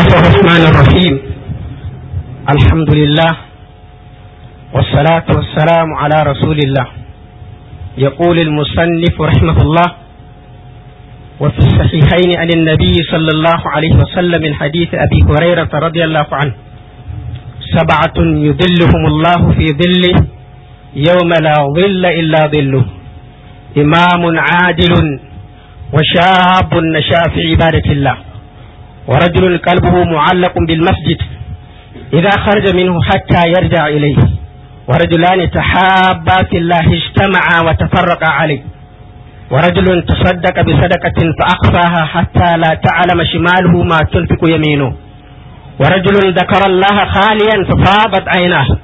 بسم الله الرحمن الرحيم الحمد لله والصلاة والسلام على رسول الله يقول المصنف رحمه الله وفي الصحيحين عن النبي صلى الله عليه وسلم من حديث أبي هريرة رضي الله عنه سبعة يذلهم الله في ظله يوم لا ظل إلا ظله إمام عادل وشاب نشا في عبادة الله ورجل قلبه معلق بالمسجد إذا خرج منه حتى يرجع إليه ورجلان تحابا في الله اجتمعا وتفرقا عليه ورجل تصدق بصدقة فأخفاها حتى لا تعلم شماله ما تنفق يمينه ورجل ذكر الله خاليا ففاضت عيناه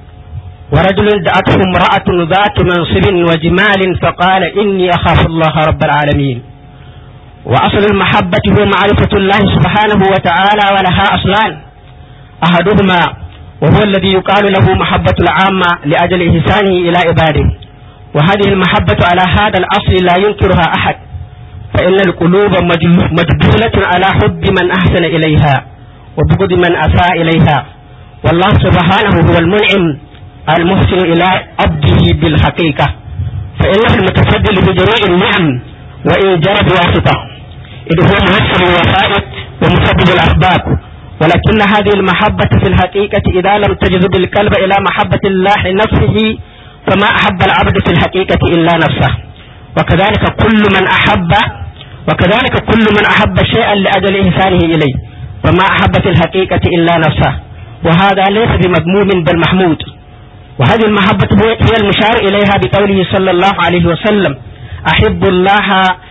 ورجل دعته امرأة ذات منصب وجمال فقال إني أخاف الله رب العالمين وأصل المحبة هو معرفة الله سبحانه وتعالى ولها أصلان أحدهما وهو الذي يقال له محبة العامة لأجل إحسانه إلى عباده وهذه المحبة على هذا الأصل لا ينكرها أحد فإن القلوب مجبولة على حب من أحسن إليها وبغض من أساء إليها والله سبحانه هو المنعم المحسن إلى عبده بالحقيقة فإنه المتفضل بجميع النعم وإن جرت واسطة إذ هو مؤثر الوسائط ومسبب الأسباب ولكن هذه المحبة في الحقيقة إذا لم تجذب الكلب إلى محبة الله نفسه فما أحب العبد في الحقيقة إلا نفسه وكذلك كل من أحب وكذلك كل من أحب شيئا لأجل إنسانه إليه فما أحب في الحقيقة إلا نفسه وهذا ليس بمذموم بل محمود وهذه المحبة هي المشار إليها بقوله صلى الله عليه وسلم أحب الله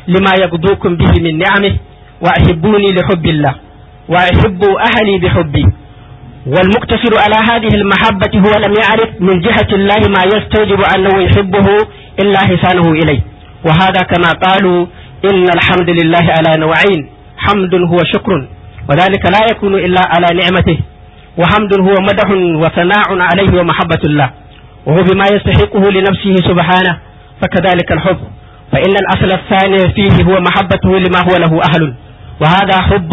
لما يغدوكم به من نعمه وأحبوني لحب الله وأحبوا أهلي بحبي والمقتصر على هذه المحبة هو لم يعرف من جهة الله ما يستوجب أنه يحبه إلا حسانه إليه وهذا كما قالوا إن الحمد لله على نوعين حمد هو شكر وذلك لا يكون إلا على نعمته وحمد هو مدح وثناء عليه ومحبة الله وهو بما يستحقه لنفسه سبحانه فكذلك الحب فإن الأصل الثاني فيه هو محبته لما هو له أهل وهذا حب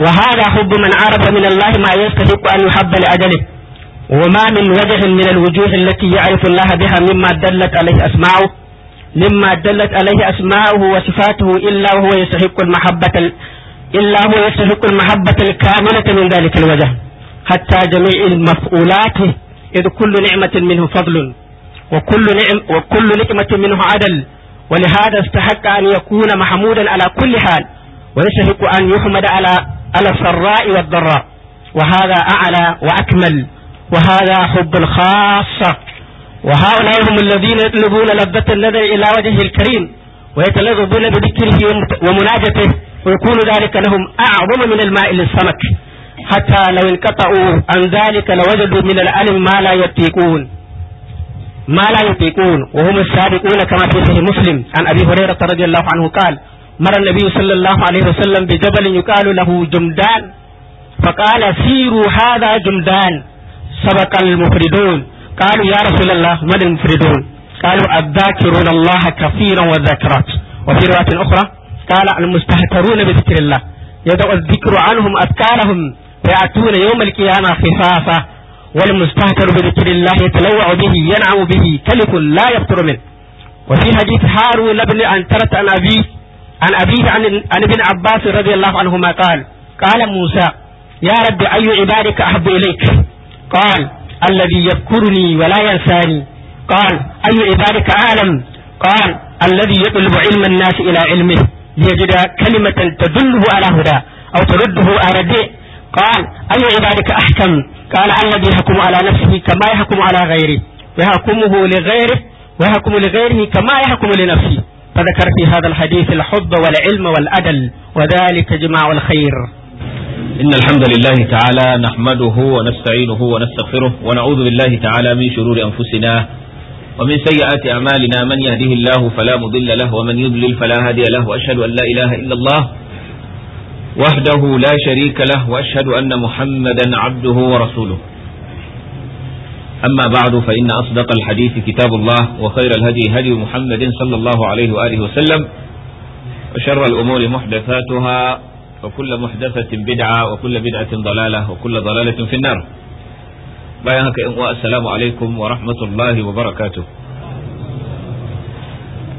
وهذا حب من عرف من الله ما يستحق أن يحب لأجله وما من وجه من الوجوه التي يعرف الله بها مما دلت عليه أسماؤه مما دلت عليه أسماؤه وصفاته إلا وهو يستحق المحبة إلا هو يستحق المحبة الكاملة من ذلك الوجه حتى جميع المفعولات إذ كل نعمة منه فضل وكل نعم وكل نعمة منه عدل ولهذا استحق أن يكون محمودا على كل حال ويستحق أن يحمد على على السراء والضراء وهذا أعلى وأكمل وهذا حب الخاصة وهؤلاء هم الذين يطلبون لبة النذر إلى وجهه الكريم ويتلذذون بذكره ومناجته ويكون ذلك لهم أعظم من الماء للسمك حتى لو انقطعوا عن ذلك لوجدوا من الألم ما لا يطيقون ما لا يطيقون وهم السابقون كما في صحيح مسلم عن أبي هريرة رضي الله عنه قال مر النبي صلى الله عليه وسلم بجبل يقال له جمدان فقال سيروا هذا جمدان سبق المفردون قالوا يا رسول الله من المفردون قالوا الذاكرون الله كثيرا والذاكرات وفي رواية أخرى قال المستهترون بذكر الله يدعو الذكر عنهم أذكارهم فيأتون يوم القيامة خفافة والمستهتر بذكر الله يتلوع به ينعم به تلك لا يفطر منه وفي حديث هارون بن ترت عن أبيه عن أبيه عن ابن عباس رضي الله عنهما قال قال موسى يا رب أي عبادك أحب إليك قال الذي يذكرني ولا ينساني قال أي عبادك أعلم قال الذي يطلب علم الناس إلى علمه ليجد كلمة تدله على هدى أو ترده على دين قال أي عبادك أحكم قال الذي يحكم على نفسه كما يحكم على غيره يحكمه لغيره ويحكم لغيره كما يحكم لنفسه فذكر في هذا الحديث الحب والعلم والأدل وذلك جماع الخير إن الحمد لله تعالى نحمده ونستعينه ونستغفره ونعوذ بالله تعالى من شرور أنفسنا ومن سيئات أعمالنا من يهده الله فلا مضل له ومن يضلل فلا هادي له وأشهد أن لا إله إلا الله وحده لا شريك له وأشهد أن محمدا عبده ورسوله أما بعد فإن أصدق الحديث كتاب الله وخير الهدي هدي محمد صلى الله عليه وآله وسلم وشر الأمور محدثاتها وكل محدثة بدعة وكل بدعة ضلالة وكل ضلالة في النار بايعك السلام عليكم ورحمة الله وبركاته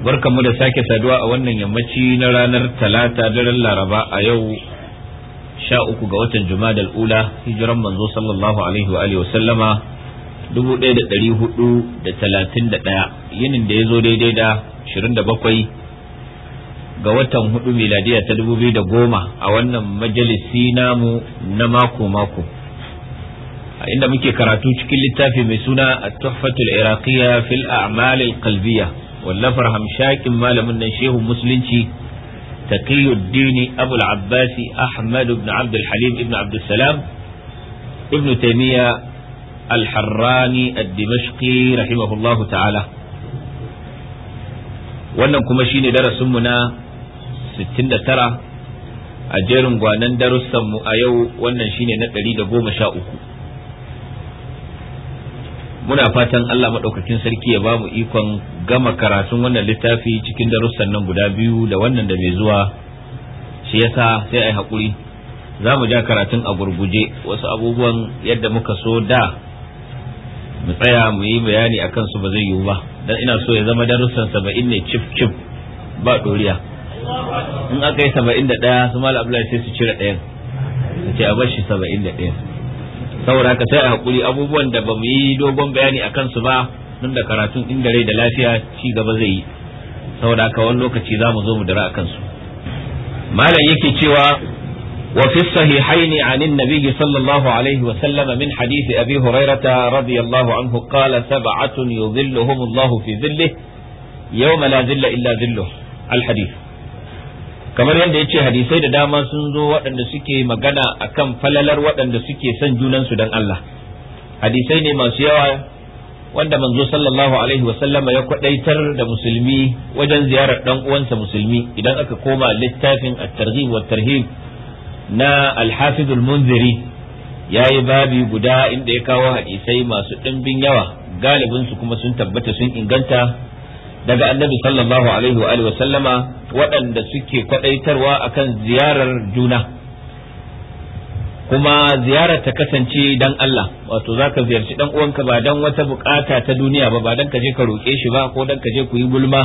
barkanmu da sake saduwa a wannan yammaci na ranar talata daren laraba a yau sha uku ga watan juma'a ula hijiran manzo sallallahu alaihi wa alihi wasallama dubu ɗaya da ɗari hudu da talatin da ɗaya yinin da ya zo daidai da shirin da bakwai ga watan hudu miladiya ta dubu biyu da goma a wannan majalisi namu na mako mako a inda muke karatu cikin littafi mai suna at-tuhfatul iraqiyya fil a'mal al-qalbiyya wallafar hamshakin malamin nan shehu musulunci taqiyuddini abul abbasi ahmad ibn abd halim ibn abd salam ibn taymiya al-harrani ad-dimashqi rahimahullahu ta'ala wannan kuma shine darasin mu na tara a jerin gwanan darussan mu a yau wannan shine na da goma sha uku. muna fatan Allah maɗaukakin sarki ya ba mu ikon gama karatun wannan littafi cikin darussan nan guda biyu da wannan da mai zuwa shi yasa sai a yi haƙuri za mu ja karatun a gurguje wasu abubuwan yadda muka so da mu tsaya mu yi bayani a kansu ba zai yiwu ba dan ina so ya zama darussan saba'in ne cif cif ba ɗoriya in aka yi saba'in da ɗaya su abdullahi sai su cire ɗayan su ce a bar shi saba'in da ɗaya saboda haka sai a hakuri abubuwan da ba mu yi dogon bayani a kansu ba nan da karatun inda rai da lafiya ci gaba zai yi saboda haka wani lokaci za mu zo mu dira a kansu malam yake cewa wa fi sahihain anin nabiyyi sallallahu alaihi wa sallama min hadisi abi hurairata radiyallahu anhu qala sab'atun yudhilluhum Allah fi dhillihi yawma la dhilla illa dhilluh al hadith kamar yadda ya ce hadisai da dama sun zo waɗanda suke magana a kan falalar waɗanda suke son junansu don Allah hadisai ne masu yawa wanda manzo sallallahu alaihi wasallama ya kwadaitar da musulmi wajen ziyarar dan uwansa musulmi idan aka koma littafin at-targhib wa tarhib na al-hafiz al-munziri yayi babi guda inda ya kawo hadisai masu ɗimbin yawa galibin su kuma sun tabbata sun inganta daga annabi sallallahu alaihi wa alihi sallama waɗanda suke kwadaitarwa akan ziyarar juna kuma ziyarar ta kasance dan Allah wato zaka ziyarci dan uwanka ba dan wata bukata ta duniya ba ba dan ka je ka roke shi ba ko dan ka je ku yi gulma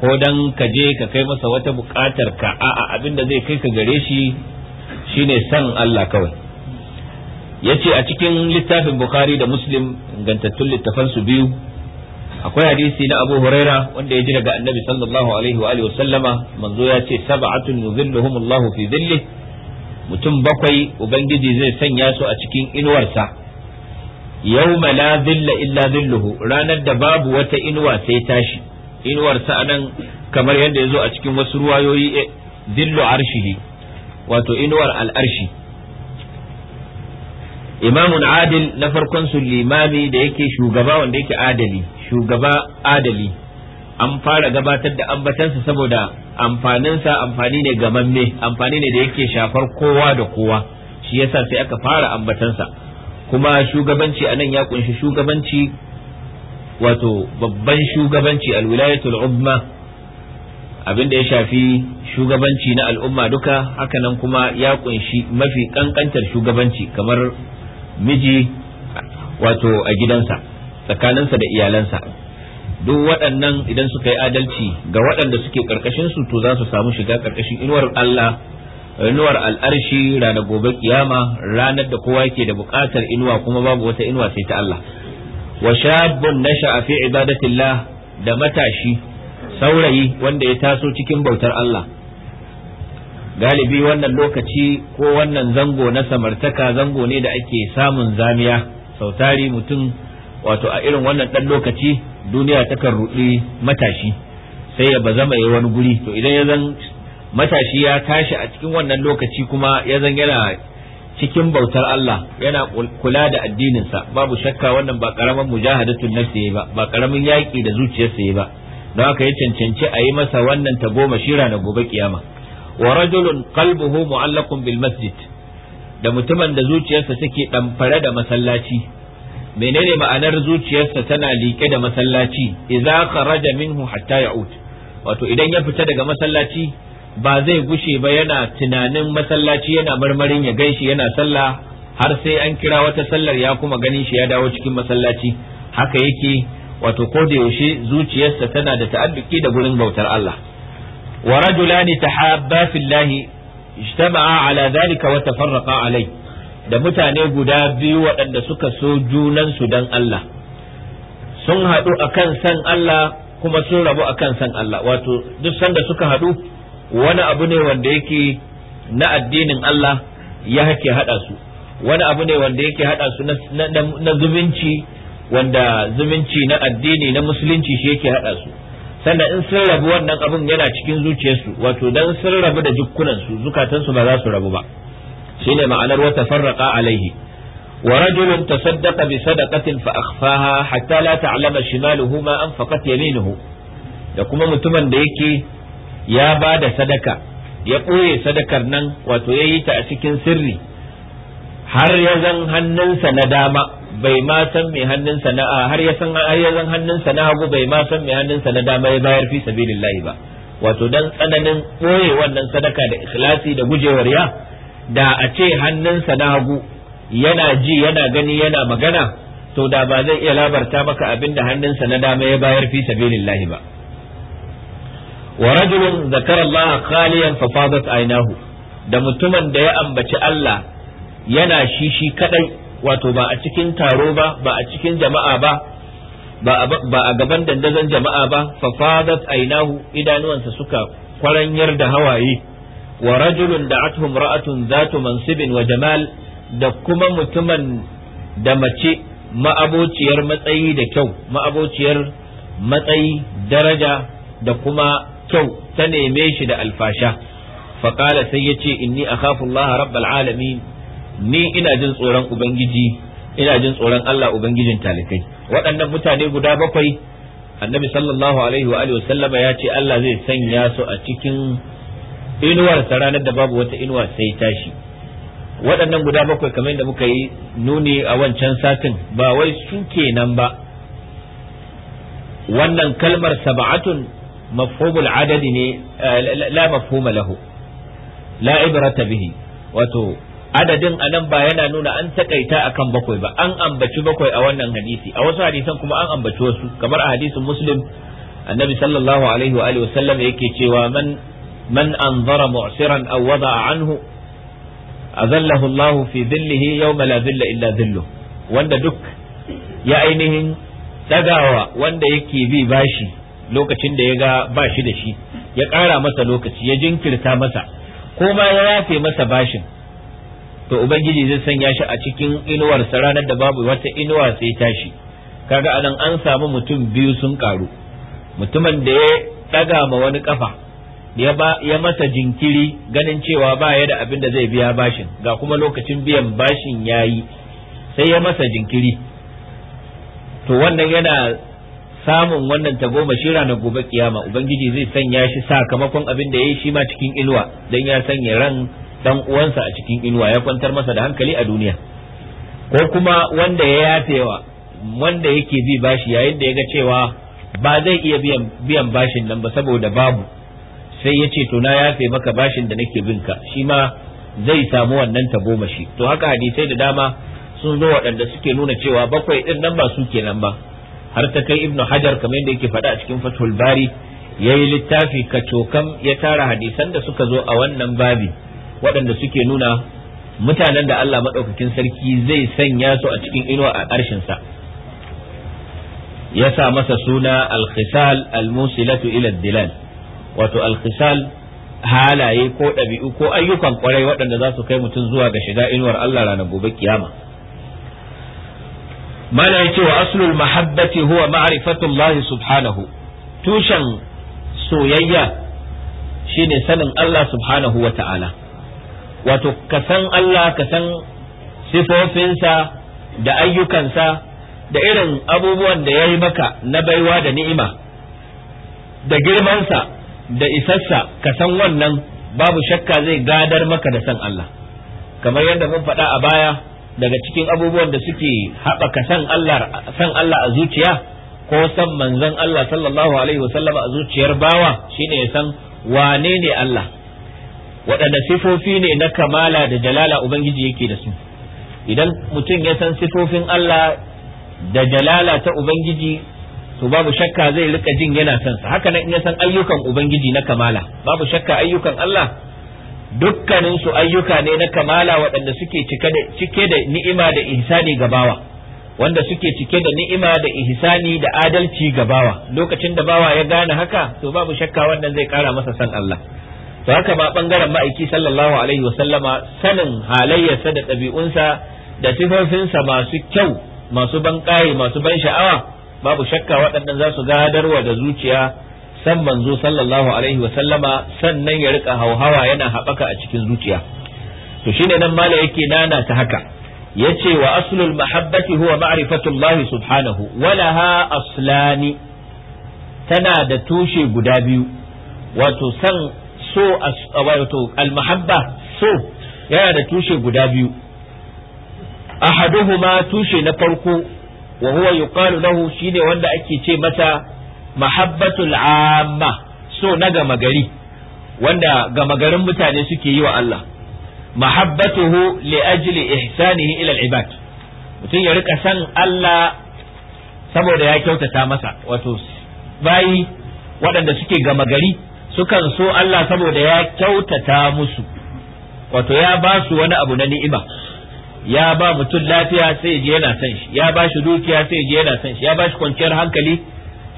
ko dan ka je ka kai masa wata bukatar ka a'a abinda zai kai ka gare shi shine san Allah kawai yace a cikin littafin Bukhari da Muslim ingantattun littafan su biyu akwai hadisi na Abu Huraira wanda ya ji daga Annabi sallallahu alaihi wa alihi wasallama manzo ya ce sab'atun yuzilluhum Allahu fi dhillih mutum bakwai ubangiji zai sanya su a cikin inuwarsa yawma la dhilla illa dhilluhu ranar da babu wata inuwa sai tashi inuwarsa anan kamar yadda ya zo a cikin wasu ruwayoyi dhillu eh, arshihi wato inuwar al'arshi imamun adil na farkon su limami da yake shugaba wanda yake adali shugaba adali an fara gabatar da ambatansa saboda amfaninsa amfani ne mamme amfani ne da yake shafar kowa da kowa shi yasa sai aka fara ambatansa kuma shugabanci nan ya kunshi shugabanci wato babban shugabanci alwilayatul umma abin da ya shafi shugabanci na al'umma duka hakanan kuma ya kunshi mafi kankantar shugabanci kamar miji wato a gidansa tsakaninsa da iyalansa duk waɗannan idan suka yi adalci ga waɗanda suke ƙarƙashin su to za su samu shiga ƙarƙashin inuwar Allah inuwar al'arshi ranar gobe kiyama ranar da kowa yake da buƙatar inuwa kuma babu wata inuwa sai ta Allah wa shabun nasha fi ibadatillah da matashi saurayi wanda ya taso cikin bautar Allah galibi wannan lokaci ko wannan zango na samartaka zango ne da ake samun zamiya sautari mutum wato a irin wannan ɗan lokaci duniya takan ruɗi matashi sai ya bazama ya wani guri to idan ya zan matashi ya tashi a cikin wannan lokaci kuma ya zan yana cikin bautar Allah yana kula da addininsa babu shakka wannan ba karamin mujahadatun nafsi ba ba karamin yaƙi da zuciyarsa ba don haka ya cancanci a yi masa wannan tagoma shira na gobe kiyama wa rajulun qalbuhu mu'allaqun bil masjid da mutumin da zuciyarsa take ɗamfare da masallaci menene ma'anar zuciyarsa tana liƙe da masallaci idza kharaja minhu hatta ya'ud wato idan ya fita daga masallaci ba zai gushe ba yana tunanin masallaci yana marmarin ya gaishe yana sallah har sai an kira wata sallar ya kuma ganin shi ya dawo cikin masallaci haka yake wato ko da yaushe zuciyarsa tana da ta'addiki da gurin bautar Allah wa rajulani tahabba fillahi ijtama'a ala dhalika wa tafarraqa alayhi da mutane guda biyu waɗanda suka so junansu don Allah sun haɗu a kan san Allah kuma sun rabu a kan san Allah wato duk sanda suka haɗu wani abu ne wanda yake na addinin Allah ya hake haɗa su wani abu ne wanda yake haɗa su na zumunci wanda zumunci na addini na musulunci shi yake haɗa su sannan in sun rabu wannan abun yana cikin zuciyarsu wato don sun rabu da jukkunansu zukatansu ba za su rabu ba shine ma'anar wa tafarraqa alaihi wa rajulun tasaddaqa bi sadaqatin fa akhfaha hatta la ta'lama shimaluhu ma anfaqat yaminuhu da kuma mutumin da yake ya ba da sadaka ya ɓoye sadakar nan wato ya yi ta a cikin sirri har ya zan hannunsa na dama bai ma san mai hannunsa na a har ya san har ya zan hannunsa na hagu bai ma san mai hannunsa na dama ya bayar fi sabilillahi ba wato dan tsananin ɓoye wannan sadaka da ikhlasi da gujewar ya da a ce hannunsa na hagu yana ji yana gani yana magana to da ba zai iya labarta maka abin da hannunsa na dama ya bayar fi sabilillahi ba wa rajulun zakara Allah khaliyan fa fadat aynahu da mutumin da ya ambaci Allah yana shishi kaɗai, kadai wato ba a cikin taro ba ba a cikin jama'a ba ba a gaban dandazon jama'a ba fa fadat aynahu idanuwansa suka kwaranyar da hawaye wa rajulun da'athu imra'atun zatu mansibin wa jamal da kuma mutumin da mace ma'abociyar matsayi da kyau ma'abociyar matsayi daraja da kuma kyau ta neme shi da alfasha faƙala sai ya ce inni akhafu Allah rabbal alamin ni ina jin tsoron ubangiji ina jin tsoron Allah ubangijin talikai waɗannan mutane guda bakwai annabi sallallahu alaihi wa alihi ya ce Allah zai sanya su a cikin inuwar inuwarsa ranar da babu wata inuwa sai tashi waɗannan guda bakwai kamar da muka yi nuni a wancan satin ba wai su nan ba wannan kalmar sab'atun mafhumul adadi ne eh, la mafhuma lahu la ibrata bihi wato adadin anan ba yana nuna an takaita akan bakwai ba an ambaci bakwai a wannan hadisi a wasu hadisan kuma an ambaci wasu kamar a hadisin muslim annabi sallallahu alaihi wa alihi sallam yake cewa man من أنظر معسرا أو وضع عنه أذله الله في ذله يوم لا ذل إلا ذله وأن دك يا أينهن تداوى وأن يكي بي باشي lokacin da ya ga ba shi da shi ya ƙara masa lokaci ya jinkirta masa ko ya masa bashin to ubangiji zai sanya shi a cikin inuwarsa ranar da babu wata inuwa sai tashi kaga anan an samu mutum biyu sun karu mutumin da ya daga ma wani kafa ya masa jinkiri ganin cewa ba ya da abin da zai biya bashin ga kuma lokacin biyan bashin ya yi sai ya masa jinkiri to wannan yana samun wannan tagomashi ranar gobe kiyama ubangiji zai sanya shi sakamakon abin da ya yi shi ma cikin inuwa don ya sanya ran dan uwansa a cikin inuwa ya kwantar masa da hankali a duniya ko kuma wanda ya yafewa wanda yake bi bashi yayin da ya ga cewa ba zai iya biyan bashin nan ba saboda babu sai ya ce to na yafe maka bashin da nake bin ka shi ma zai samu wannan tagomashi to haka hadisai da dama sun zo waɗanda suke nuna cewa bakwai ɗin nan ba suke nan ba har ta kai ibnu hajar kamar yadda yake faɗa a cikin fathul bari ya yi littafi kacokan ya tara hadisan da suka zo a wannan babi waɗanda suke nuna mutanen da Allah maɗaukakin sarki zai sanya su a cikin inuwa a ƙarshensa ya sa masa suna al-khisal al-musilatu ila dilal wato alkhisal halaye ko ɗabi'u ko ayyukan kwarai waɗanda za su kai mutum zuwa ga shiga inuwar Allah ranar gobe kiyama mana ya ce wa aslul mahabbati huwa ma'rifatullahi subhanahu tushen soyayya shine sanin Allah subhanahu wa ta'ala wato ka san Allah ka san sifofinsa da ayyukansa da irin abubuwan da ya yi maka na baiwa da ni'ima da girmansa da isassa ka san wannan babu shakka zai gadar maka da san Allah kamar yadda mun faɗa a baya daga cikin abubuwan da suke haɓaka san Allah Allah a zuciya ko san manzon Allah sallallahu alaihi wasallama a zuciyar bawa shine ya san wane ne Allah waɗanda sifofi ne na kamala da jalala ubangiji yake da su idan mutum ya san sifofin Allah da jalala ta ubangiji to babu shakka zai rika jin yana son sa haka nan in ya san ayyukan ubangiji na kamala babu shakka ayyukan Allah dukkanin su ayyuka ne na kamala waɗanda suke cike da ni'ima da ihsani ga bawa wanda suke cike da ni'ima da ihsani da adalci ga bawa lokacin da bawa ya gane haka to babu shakka wannan zai kara masa san Allah to haka ba bangaren ma'aiki sallallahu alaihi wasallama sanin halayyarsa da ɗabi'unsa da sifofinsa masu kyau masu ban masu ban sha'awa babu shakka waɗannan za su gadarwa da zuciya san manzo sallallahu alaihi wa sallama sannan ya rika hauhawa yana haɓaka a cikin zuciya to shine nan mala yake nana ta haka yace wa aslul mahabbati huwa ma'rifatullah subhanahu walaha aslani tana da tushe guda biyu wato san so wato almahabba so yana da tushe guda biyu ahaduhuma tushe na farko wa huwa yuqalu lahu shine wanda ake ce mata mahabbatul amma so na gama gari wanda gama garin mutane suke yi wa Allah mahabbatuhu li ajli ihsanihi ila al-ibad mutum ya rika san Allah saboda ya kyautata masa wato bayi waɗanda suke gama gari sukan so Allah saboda ya kyautata musu wato ya ba su wani abu na ni'ima ya ba mutum lafiya sai ya je yana son shi ya ba shi dukiya sai ya je yana son shi ya ba shi kwanciyar hankali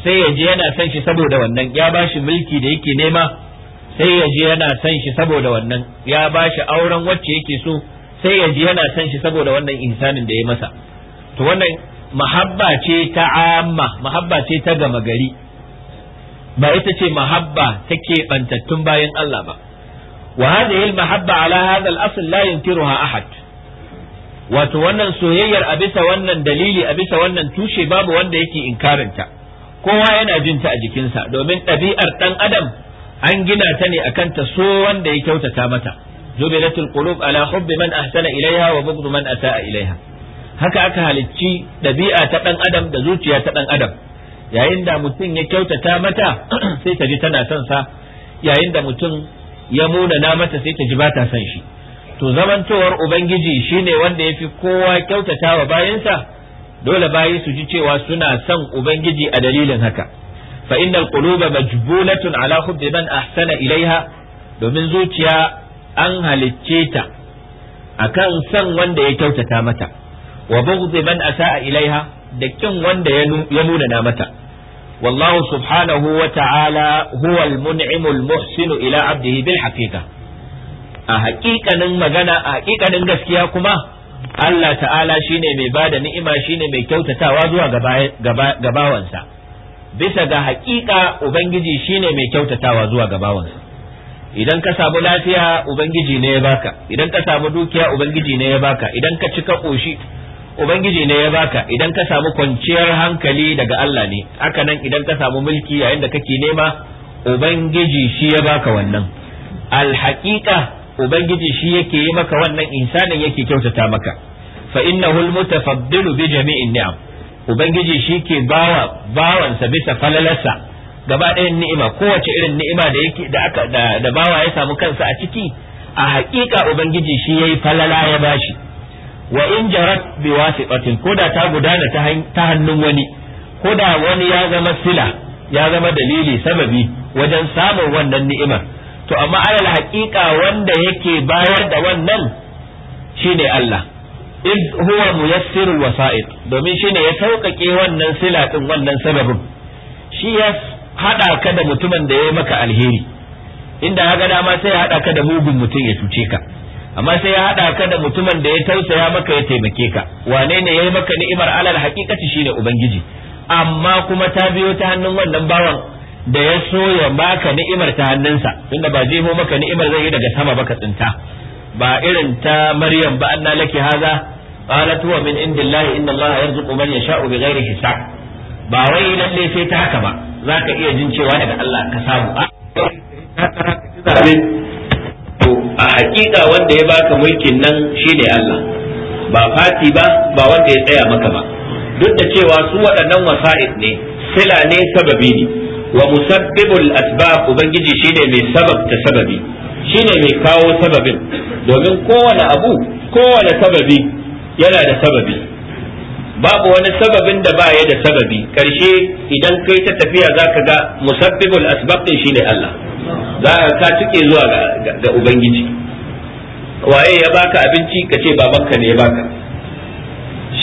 sai ya je yana son shi saboda wannan ya ba shi mulki da yake nema sai ya je yana son shi saboda wannan ya ba shi auren wacce yake so sai ya je yana son shi saboda wannan insanin da ya masa to wannan mahabba ce ta amma mahabba ce ta gama gari ba ita ce mahabba ta keɓantattun bayan Allah ba wa hadhihi al-mahabba ala hadha al-asl la yunkiruha ahad wato wannan soyayyar a bisa wannan dalili a bisa wannan tushe babu wanda yake inkarinta kowa yana jin ta a jikinsa domin ɗabi'ar ɗan adam an gina ta ne akan ta so wanda ya kyautata mata jubilatul qulub ala hubbi man ahsana ilaiha wa bughd man asaa ilaiha haka aka halicci ɗabi'a ta ɗan adam da zuciya ta ɗan adam yayin da mutum ya kyautata mata sai ta ji tana son sa yayin da mutum ya muna na mata sai ta ji ba ta son shi to zamantowar ubangiji shine wanda ya fi kowa kyautata wa bayansa dole bayi su ji cewa suna son ubangiji a dalilin haka fa innal quluba majbulatun ala hubbi man ahsana ilaiha domin zuciya an halicce ta akan son wanda ya kyautata mata wa bughdi man asaa ilaiha da kin wanda ya nuna mata wallahu subhanahu wa ta'ala huwa al-mun'imul muhsinu ila abdihi bil haqiqah a haƙiƙanin magana a haƙiƙanin gaskiya kuma Allah ta'ala shine mai ba da ni'ima shine mai kyautatawa zuwa gabawansa bisa ga haƙiƙa ubangiji shine mai kyautatawa zuwa gabawansa idan ka samu lafiya ubangiji ne ya baka idan ka samu dukiya ubangiji ne ya baka idan ka cika ƙoshi ubangiji ne ya baka idan ka samu kwanciyar hankali daga Allah ne haka nan idan ka samu mulki yayin da kake nema ubangiji shi ya baka wannan alhaƙiƙa ubangiji shi yake yi maka wannan insanin yake kyautata maka fa innahu almutafaddilu bi jami'in ni'am ubangiji shi ke bawa bawansa bisa falalarsa gaba ni'ima kowace irin ni'ima da yake da aka da bawa ya samu kansa a ciki a haƙiƙa ubangiji shi yayi falala ya bashi wa in jarat bi wasiqatin koda ta gudana ta hannun wani koda wani ya zama sila ya zama dalili sababi wajen samun wannan ni'imar to amma alal haƙiƙa wanda yake bayar da wannan shine Allah id huwa muyassirul wasa'id domin shine ya sauƙaƙe wannan sila din wannan sababin shi ya hada ka da mutumin da ya maka alheri inda haka dama sai ya hada ka da mugun mutum ya cuce ka amma sai ya hada ka da mutumin da ya tausaya maka ya taimake ka wane ne yayi maka ni'imar alal haqiqati shine ubangiji amma kuma ta biyo ta hannun wannan bawan da ya so ya baka ni'imar ta hannunsa tunda ba jeho maka ni'imar zai yi daga sama ba ka tsinta ba irin ta maryam ba anna laki haza qalat wa min indillahi inna allaha yarzuqu man yasha'u bighairi hisab ba wai lalle sai ta haka ba zaka iya jin cewa daga Allah ka samu to a hakika wanda ya baka mulkin nan shine Allah ba fati ba ba wanda ya tsaya maka ba duk da cewa su waɗannan wasa'id ne sila ne sababi ne wa musabbibul asbab ubangiji shine mai sababta sababi shine mai kawo sababin domin kowane abu kowane sababi yana da sababi babu wani sababin da ba da sababi karshe idan kai ta tafiya zaka ga musabbibul asbab din shine Allah za ka cike zuwa ga ubangiji waye ya baka abinci kace babanka ne ya baka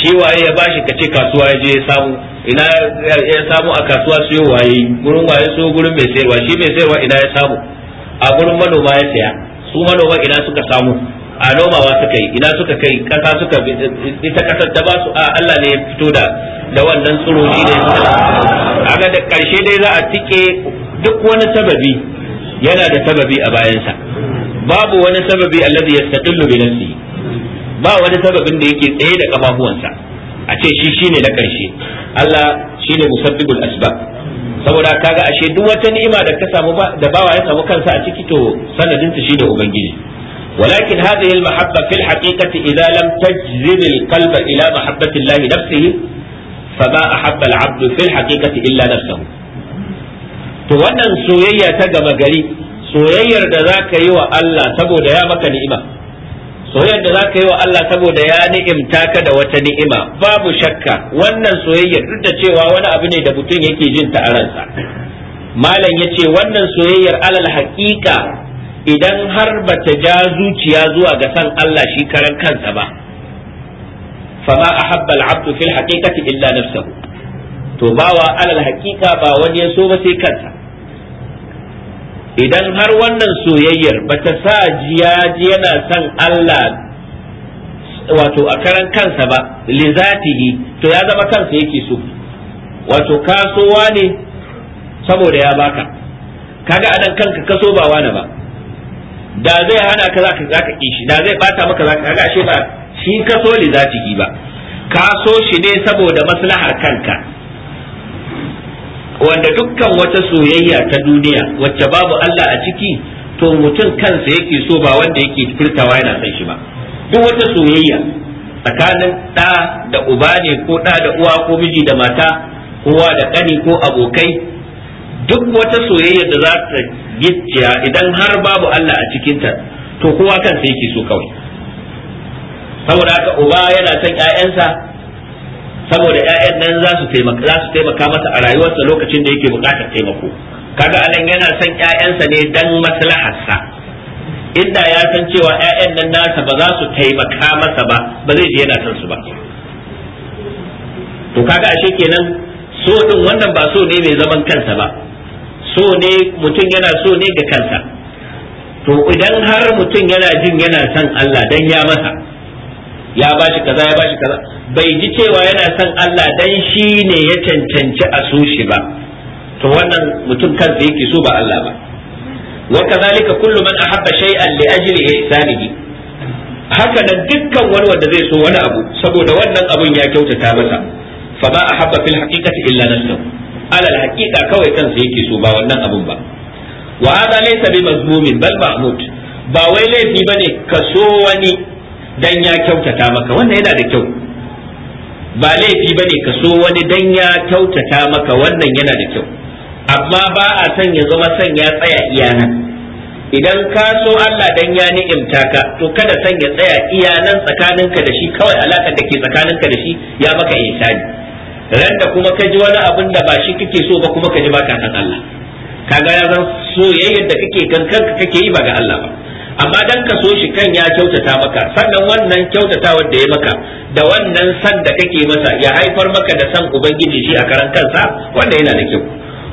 shi waye ya bashi kace kasuwa ya je ya samu ina ya samu a kasuwa yi waye gurin waye su gurin mai sayarwa shi mai sayarwa ina ya samu a gurin manoma ya saya su manoma ina suka samu a nomawa suka yi ina suka kai kasa suka ita kasar ta ba su a Allah ne ya fito da da wannan tsiro shi ne kaga da karshe dai za a tike duk wani sababi yana da sababi a bayansa babu wani sababi alladhi yastaqillu bi nafsihi ba wani sababin da yake tsaye da kafafuwansa a ce shi shine na karshe Allah shine musabbibul asbab saboda kaga ashe duk wata ni'ima da ka samu da bawa ya samu kansa a ciki to sanadin ta shine ubangiji ولكن هذه المحبة في الحقيقة إذا لم تجذب القلب إلى محبة الله نفسه فما أحب العبد في الحقيقة إلا نفسه to wannan soyayya ta gama gari soyayyar da za ka yi wa Allah saboda ya maka ni'ima soyayyar da zaka yi wa Allah saboda ya ni'imta ka da wata ni'ima babu shakka wannan soyayyar duk da cewa wani abu ne da mutum yake jin ta a ransa malam yace wannan soyayyar alal haqiqa idan har ba ta ja zuciya zuwa ga san Allah shi karan kansa ba fama ahabba al-abd fil haqiqati illa nafsuhu to bawa alal haqiqa ba wani ya so ba sai kansa idan har wannan soyayyar ba ta sa ji yana son Allah wato a karan kansa ba zatihi to ya zama kansa yake so wato kasowa ne saboda ya baka kaga anan kanka kaso ba wani ba da zai hana ka zaka zaka kishi da zai bata maka zaka kaga ashe ba shi kaso zatihi ba kaso shi ne saboda maslahar kanka wanda dukkan wata soyayya ta duniya wacce babu Allah a ciki to mutum kansa yake so ba wanda yake furtawa yana son shi ba duk wata soyayya tsakanin ɗa da uba ne ko ɗa da uwa ko miji da mata kowa da ƙani ko abokai duk wata soyayya da za ta gicciya idan har babu Allah a cikinta to kowa kansa yake so kawai saboda haka uba yana son 'ya'yansa saboda ƴaƴan nan za su taimaka za su taimaka masa a rayuwarsa lokacin da yake buƙatar taimako kaga anan yana son ƴaƴansa ne dan maslaharsa inda ya san cewa ƴaƴan nan nasa ba za su taimaka masa ba ba zai je yana son su ba to kaga ashe kenan so din wannan ba so ne mai zaman kansa ba so ne mutum yana so ne ga kansa to idan har mutum yana jin yana son Allah dan ya masa ya ba shi kaza ya ba shi kaza bai ji cewa yana son Allah dan shi ne ya cancanci a so shi ba to wannan mutum kansa yake so ba Allah ba wa kazalika kullu man ahabba shay'an li ajli ihsanihi haka nan dukkan wani wanda zai so wani abu saboda wannan abun ya kyautata masa fa ba ahabba fil haqiqati illa nafsuhu ala al haqiqa kawai kansa yake so ba wannan abun ba wa hada laysa bi mazmumin bal mahmud ba wai laifi bane ka so wani dan ya kyautata maka wannan yana da kyau ba laifi bane ka so wani dan ya kyautata maka wannan yana da kyau amma ba a son ya zama san ya tsaya iyana idan ka so Allah dan ya ni'imta ka to kada son ya tsaya iyanan tsakaninka da shi kawai alakar da ke tsakaninka da shi ya maka ihsani ran da kuma ka ji wani abin da ba shi kake so ba kuma ka ji ba ka san Allah kaga ya zan soyayyar da kake kankan kanka kake yi ba ga Allah ba amma dan ka so shi kan ya kyautata maka sannan wannan kyautatawar da ya maka da wannan san da kake masa ya haifar maka da san ubangiji shi a karan kansa wanda yana da kyau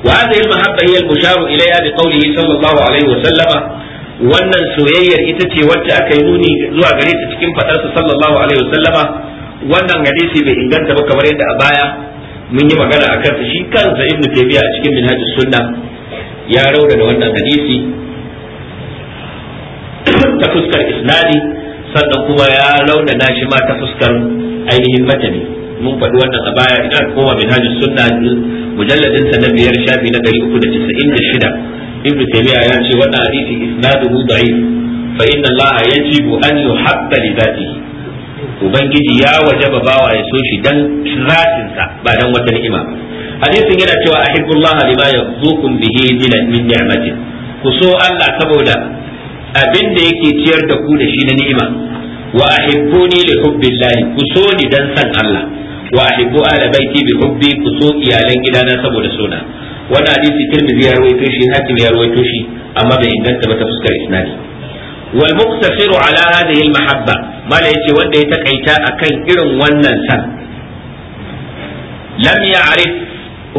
wa hadhihi al-mahabba hiya al-musharu ilayha bi sallallahu alaihi wa sallama wannan soyayyar ita ce wacce aka yi nuni zuwa gare ta cikin fadarsa sallallahu alaihi wa sallama wannan hadisi bai inganta ba kamar yadda a baya mun yi magana akan shi kansa ibnu taymiya a cikin minhajus sunna ya raura da wannan hadisi ta fuskar isnadi sannan kuma ya launana shi ma ta fuskar ainihin matani mun faɗi wannan a baya ina koma min hajji sunna mujalladin sa na biyar shafi na ɗari uku da casa'in da shida ibnu taymiya ya ce wannan hadisi isnaduhu da'if fa inna allaha yajibu an yuhabba li dhatihi ubangiji ya wajaba bawa ya so shi dan zatinsa ba dan wata ni'ima hadisin yana cewa ahibbullaha lima yazukum bihi min ni'matin ku so Allah saboda abin da yake ciyar da ku da shi na ni'ima wa ahibbuni li hubbillahi ku so ni dan san Allah wa ahibbu ala baiti bi hubbi ku so iyalan gidana saboda sona wannan hadisi Tirmidhi ya rawaito shi Hakim ya rawaito shi amma bai inganta ba ta fuskar isnadi wal muqtasiru ala hadhihi al mahabba mala yace wanda ya takaita akan irin wannan san lam ya'rif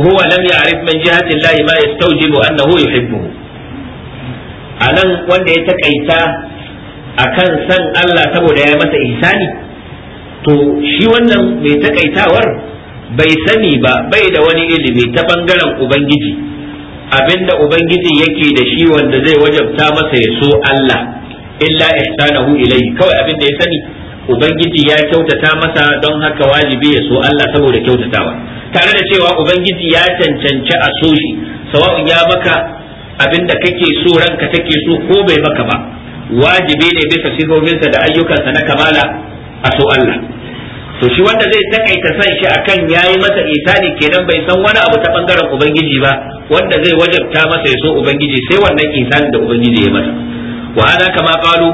huwa lam ya'rif min jihati Allah ma yastawjibu annahu yuhibbuhu a nan wanda ya takaita a kan san Allah saboda ya masa ihsani to shi wannan mai takaitawar bai sani ba bai da wani ilimi ta bangaren ubangiji abinda ubangiji yake da shi wanda zai wajabta masa ya so Allah illa ihsanahu ilai, kawai abinda ya sani ubangiji ya kyautata masa don haka wajibi ya so Allah saboda kyautatawa tare da cewa ubangiji ya cancanci a so shi sawa'un ya maka abinda kake so ranka take so ko bai maka ba wajibi ne bisa sifofinsa da ayyukansa na kamala a so Allah to shi wanda zai takaita san shi akan yayi masa itani kenan bai san wani abu ta bangaren ubangiji ba wanda zai wajabta masa ya so ubangiji sai wannan itani da ubangiji ya masa wa ana kama qalu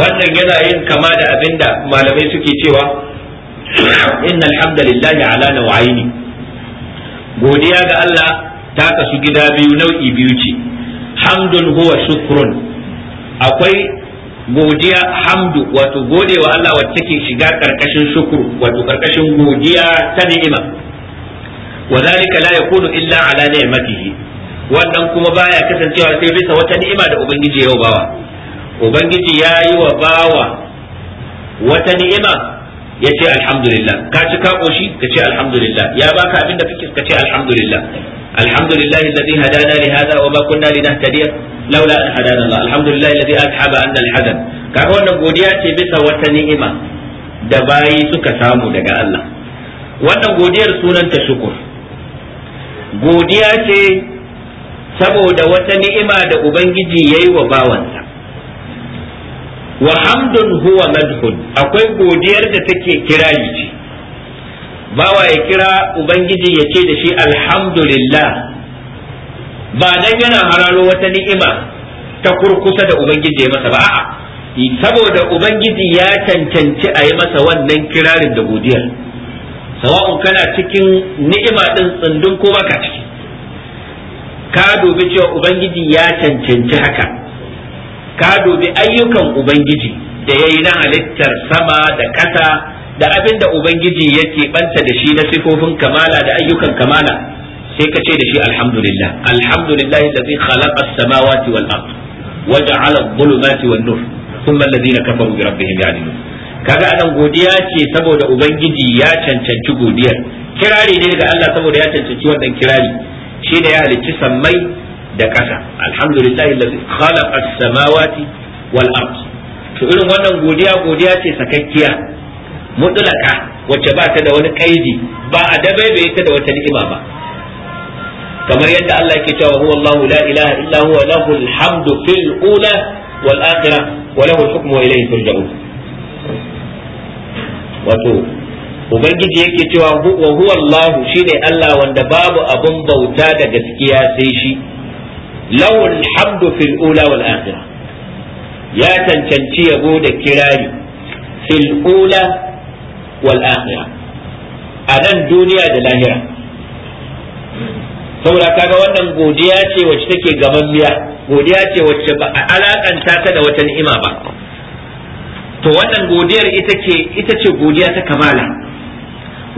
wannan yana yin kama da abinda malamai suke cewa Inna alhamdulillahi ala nawaini godiya ga Allah ta kasu gida biyu nau'i biyu ce hamdun huwa shukrun akwai godiya hamdu wato gode wa Allah wacce take shiga karkashin shukru wato karkashin godiya ta ni'ima wa zalika la yakunu illa ala ni'matihi wannan kuma baya kasancewa sai bisa wata ni'ima da ubangiji ya yi wa bawa ubangiji ya yi wa bawa wata ni'ima ya ce alhamdulillah ka ci ka ka ce alhamdulillah ya baka abin da kake ka ce alhamdulillah alhamdulillah alladhi hadana li hada wa ma kunna linahtadiya laula an hadana Allah alhamdulillah alladhi ashaba anna alhadan kaga wannan godiya ce bisa wata ni'ima da bayi suka samu daga Allah wannan godiyar sunanta shukur godiya ce saboda wata ni'ima da ubangiji yayi wa bawansa wa hamdun huwa madhun akwai godiyar da take kirari ce bawa ya kira ubangiji ya ce da shi alhamdulillah ba dan yana hararo wata ni'ima ta kurkusa da ubangiji ya masa ba a'a saboda ubangiji ya cancanci a yi masa wannan kirarin da godiyar sawa'un kana cikin ni'ima din tsindin ko baka ciki ka dubi cewa ubangiji ya cancanci haka ka dubi ayyukan ubangiji da ya yi na halittar sama da kasa da abin da ubangiji ya keɓanta da shi na sifofin kamala da ayyukan kamala sai ka ce da shi alhamdulillah alhamdulillah alladhi khalaqa as-samawati wal ard wa ja'ala adh-dhulumati wan nur thumma alladhina kafaru bi rabbihim ya'lamun kaga anan godiya ce saboda ubangiji ya cancanci godiyar kirari ne daga Allah saboda ya cancanci wannan kirari shi da ya halicci sammai da ƙasa alhamdulillahi allazi khalaqa as-samawati wal ard to irin wannan godiya godiya ce sakakkiya mutlaka wacce ba ta da wani kaidi ba a dabaibaye ta da wata ni'ima ba kamar yadda Allah yake cewa huwa Allah la ilaha illa huwa lahul fil ula wal akhirah wa lahul hukmu wa ilayhi turja'un wato ubangiji yake cewa wa huwa Allah shine Allah wanda babu abun bauta da gaskiya sai shi Lawul Hamdu fil ula wal akhirah ya cancanci yabo da kirari fil ula wal akhirah a nan duniya da lahira saboda kaga wannan godiya ce wacce take gamammiya godiya ce wacce ba a alakanta ta da wata ni'ima ba to wannan godiyar ita ce godiya ta kamala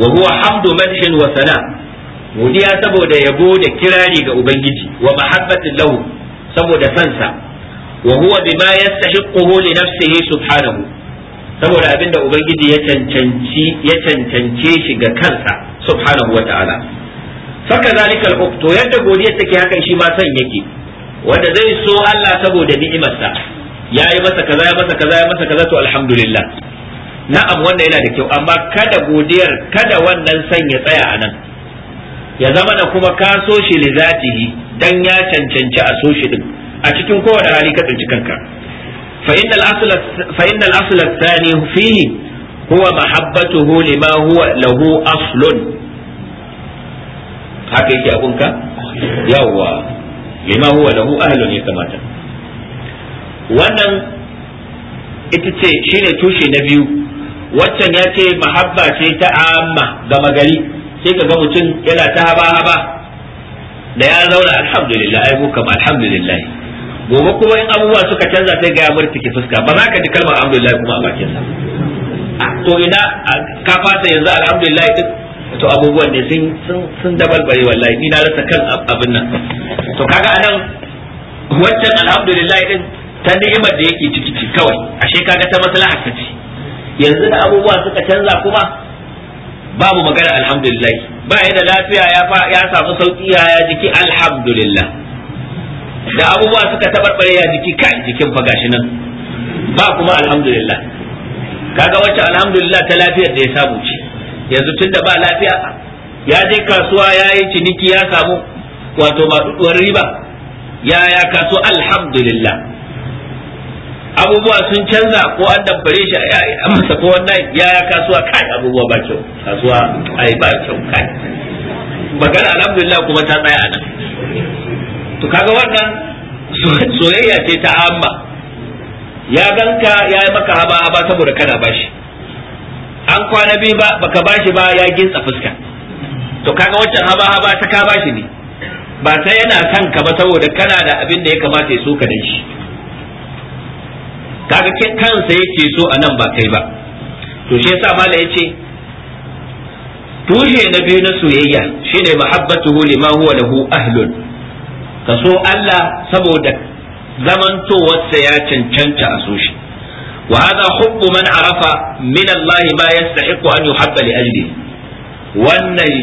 wa huwa hamdu madhin wa sana' godiya saboda yabo da kirari ga ubangiji wa mahabbatin lahu saboda sansa wa huwa bima yastahiqquhu li nafsihi subhanahu saboda abinda ubangiji ya cancanci ya cancance shi ga kansa subhanahu wa ta'ala faka zalika al to yadda godiya take hakan shi ma san yake wanda zai so Allah saboda ni'imarsa yayi yi masa kaza ya masa kaza ya masa kaza to alhamdulillah na'am wanda yana da kyau amma kada godiyar kada wannan san ya tsaya a nan ya zama da kuma ka so shi li zatihi dan ya cancanci a so shi din a cikin kowane hali ka tsinci kanka fa innal asl fa innal asl athani fihi huwa mahabbatuhu lima huwa lahu aslun haka yake abunka yawwa lima huwa lahu ahlun ya kamata wannan ita ce shine tushe na biyu waccan ya ce mahabba ce ta amma gama gari sai ka ga mutum yana ta haba haba da ya zauna alhamdulillah ai mu alhamdulillah gobe kuma in abubuwa suka canza sai ga ya murtike fuska ba za ka ji kalmar alhamdulillah kuma a bakin sa to ina ka fasa yanzu alhamdulillah duk to abubuwan ne sun sun dabalbare wallahi ni na rasa kan abin nan to kaga anan wancan alhamdulillah din ta ni'imar da yake ciki kawai ashe kaga ta maslaha ce yanzu da abubuwa suka canza kuma babu magana alhamdulillah ba da lafiya ya fa ya samu sauki ya jiki alhamdulillah da abubuwa suka tabarbare ya jiki kai jikin fa gashi nan ba kuma alhamdulillah kaga wacce alhamdulillah ta lafiyar da ya samu ce yanzu tunda ba lafiya ya je kasuwa ya yi ciniki ya samu wato maduduwar riba ya ya kaso alhamdulillah abubuwa sun canza ko an damfare shi a yayi amma sa ko wannan ya kasuwa kai abubuwa ba kyau kasuwa ai ba kyau kai magana alhamdulillah kuma ta tsaya a nan to kaga wannan soyayya ce ta amma ya ganka ya yi maka haba haba saboda kana bashi an kwana biyu ba baka bashi ba ya gintsa fuska to kaga wancan haba haba ta ka bashi ne ba sai yana kanka ba saboda kana da abin da ya kamata ya ka da shi kaga kansa yake so a nan ba kai ba to shi yasa mala yace tushe na biyu na soyayya shine mahabbatuhu lima huwa lahu ahlun kaso Allah saboda zamantowarsa ya cancanta a so shi وهذا حب من عرف من الله ما يستحق أن يحب لأجله wannan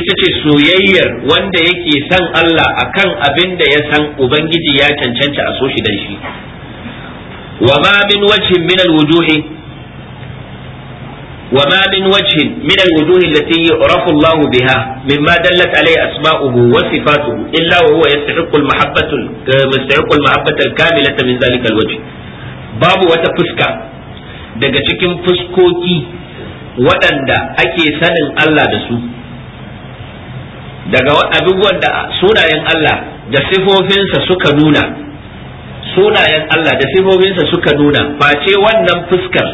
ita ce soyayyar wanda yake san Allah akan abin da ya san Ubangiji ya cancanta a soshi dan shi وما من وجه من الوجوه وما من وجه من الوجوه التي يعرف الله بها مما دلت عليه أسماؤه وصفاته إلا وهو يستحق المحبة يستحق المحبة الكاملة من ذلك الوجه باب وتفسك daga cikin fuskoki waɗanda ake sanin Allah da su daga abubuwan da sunayen Allah da sifofinsa suka nuna sunayen Allah da sifofinsa suka nuna face wannan fuskar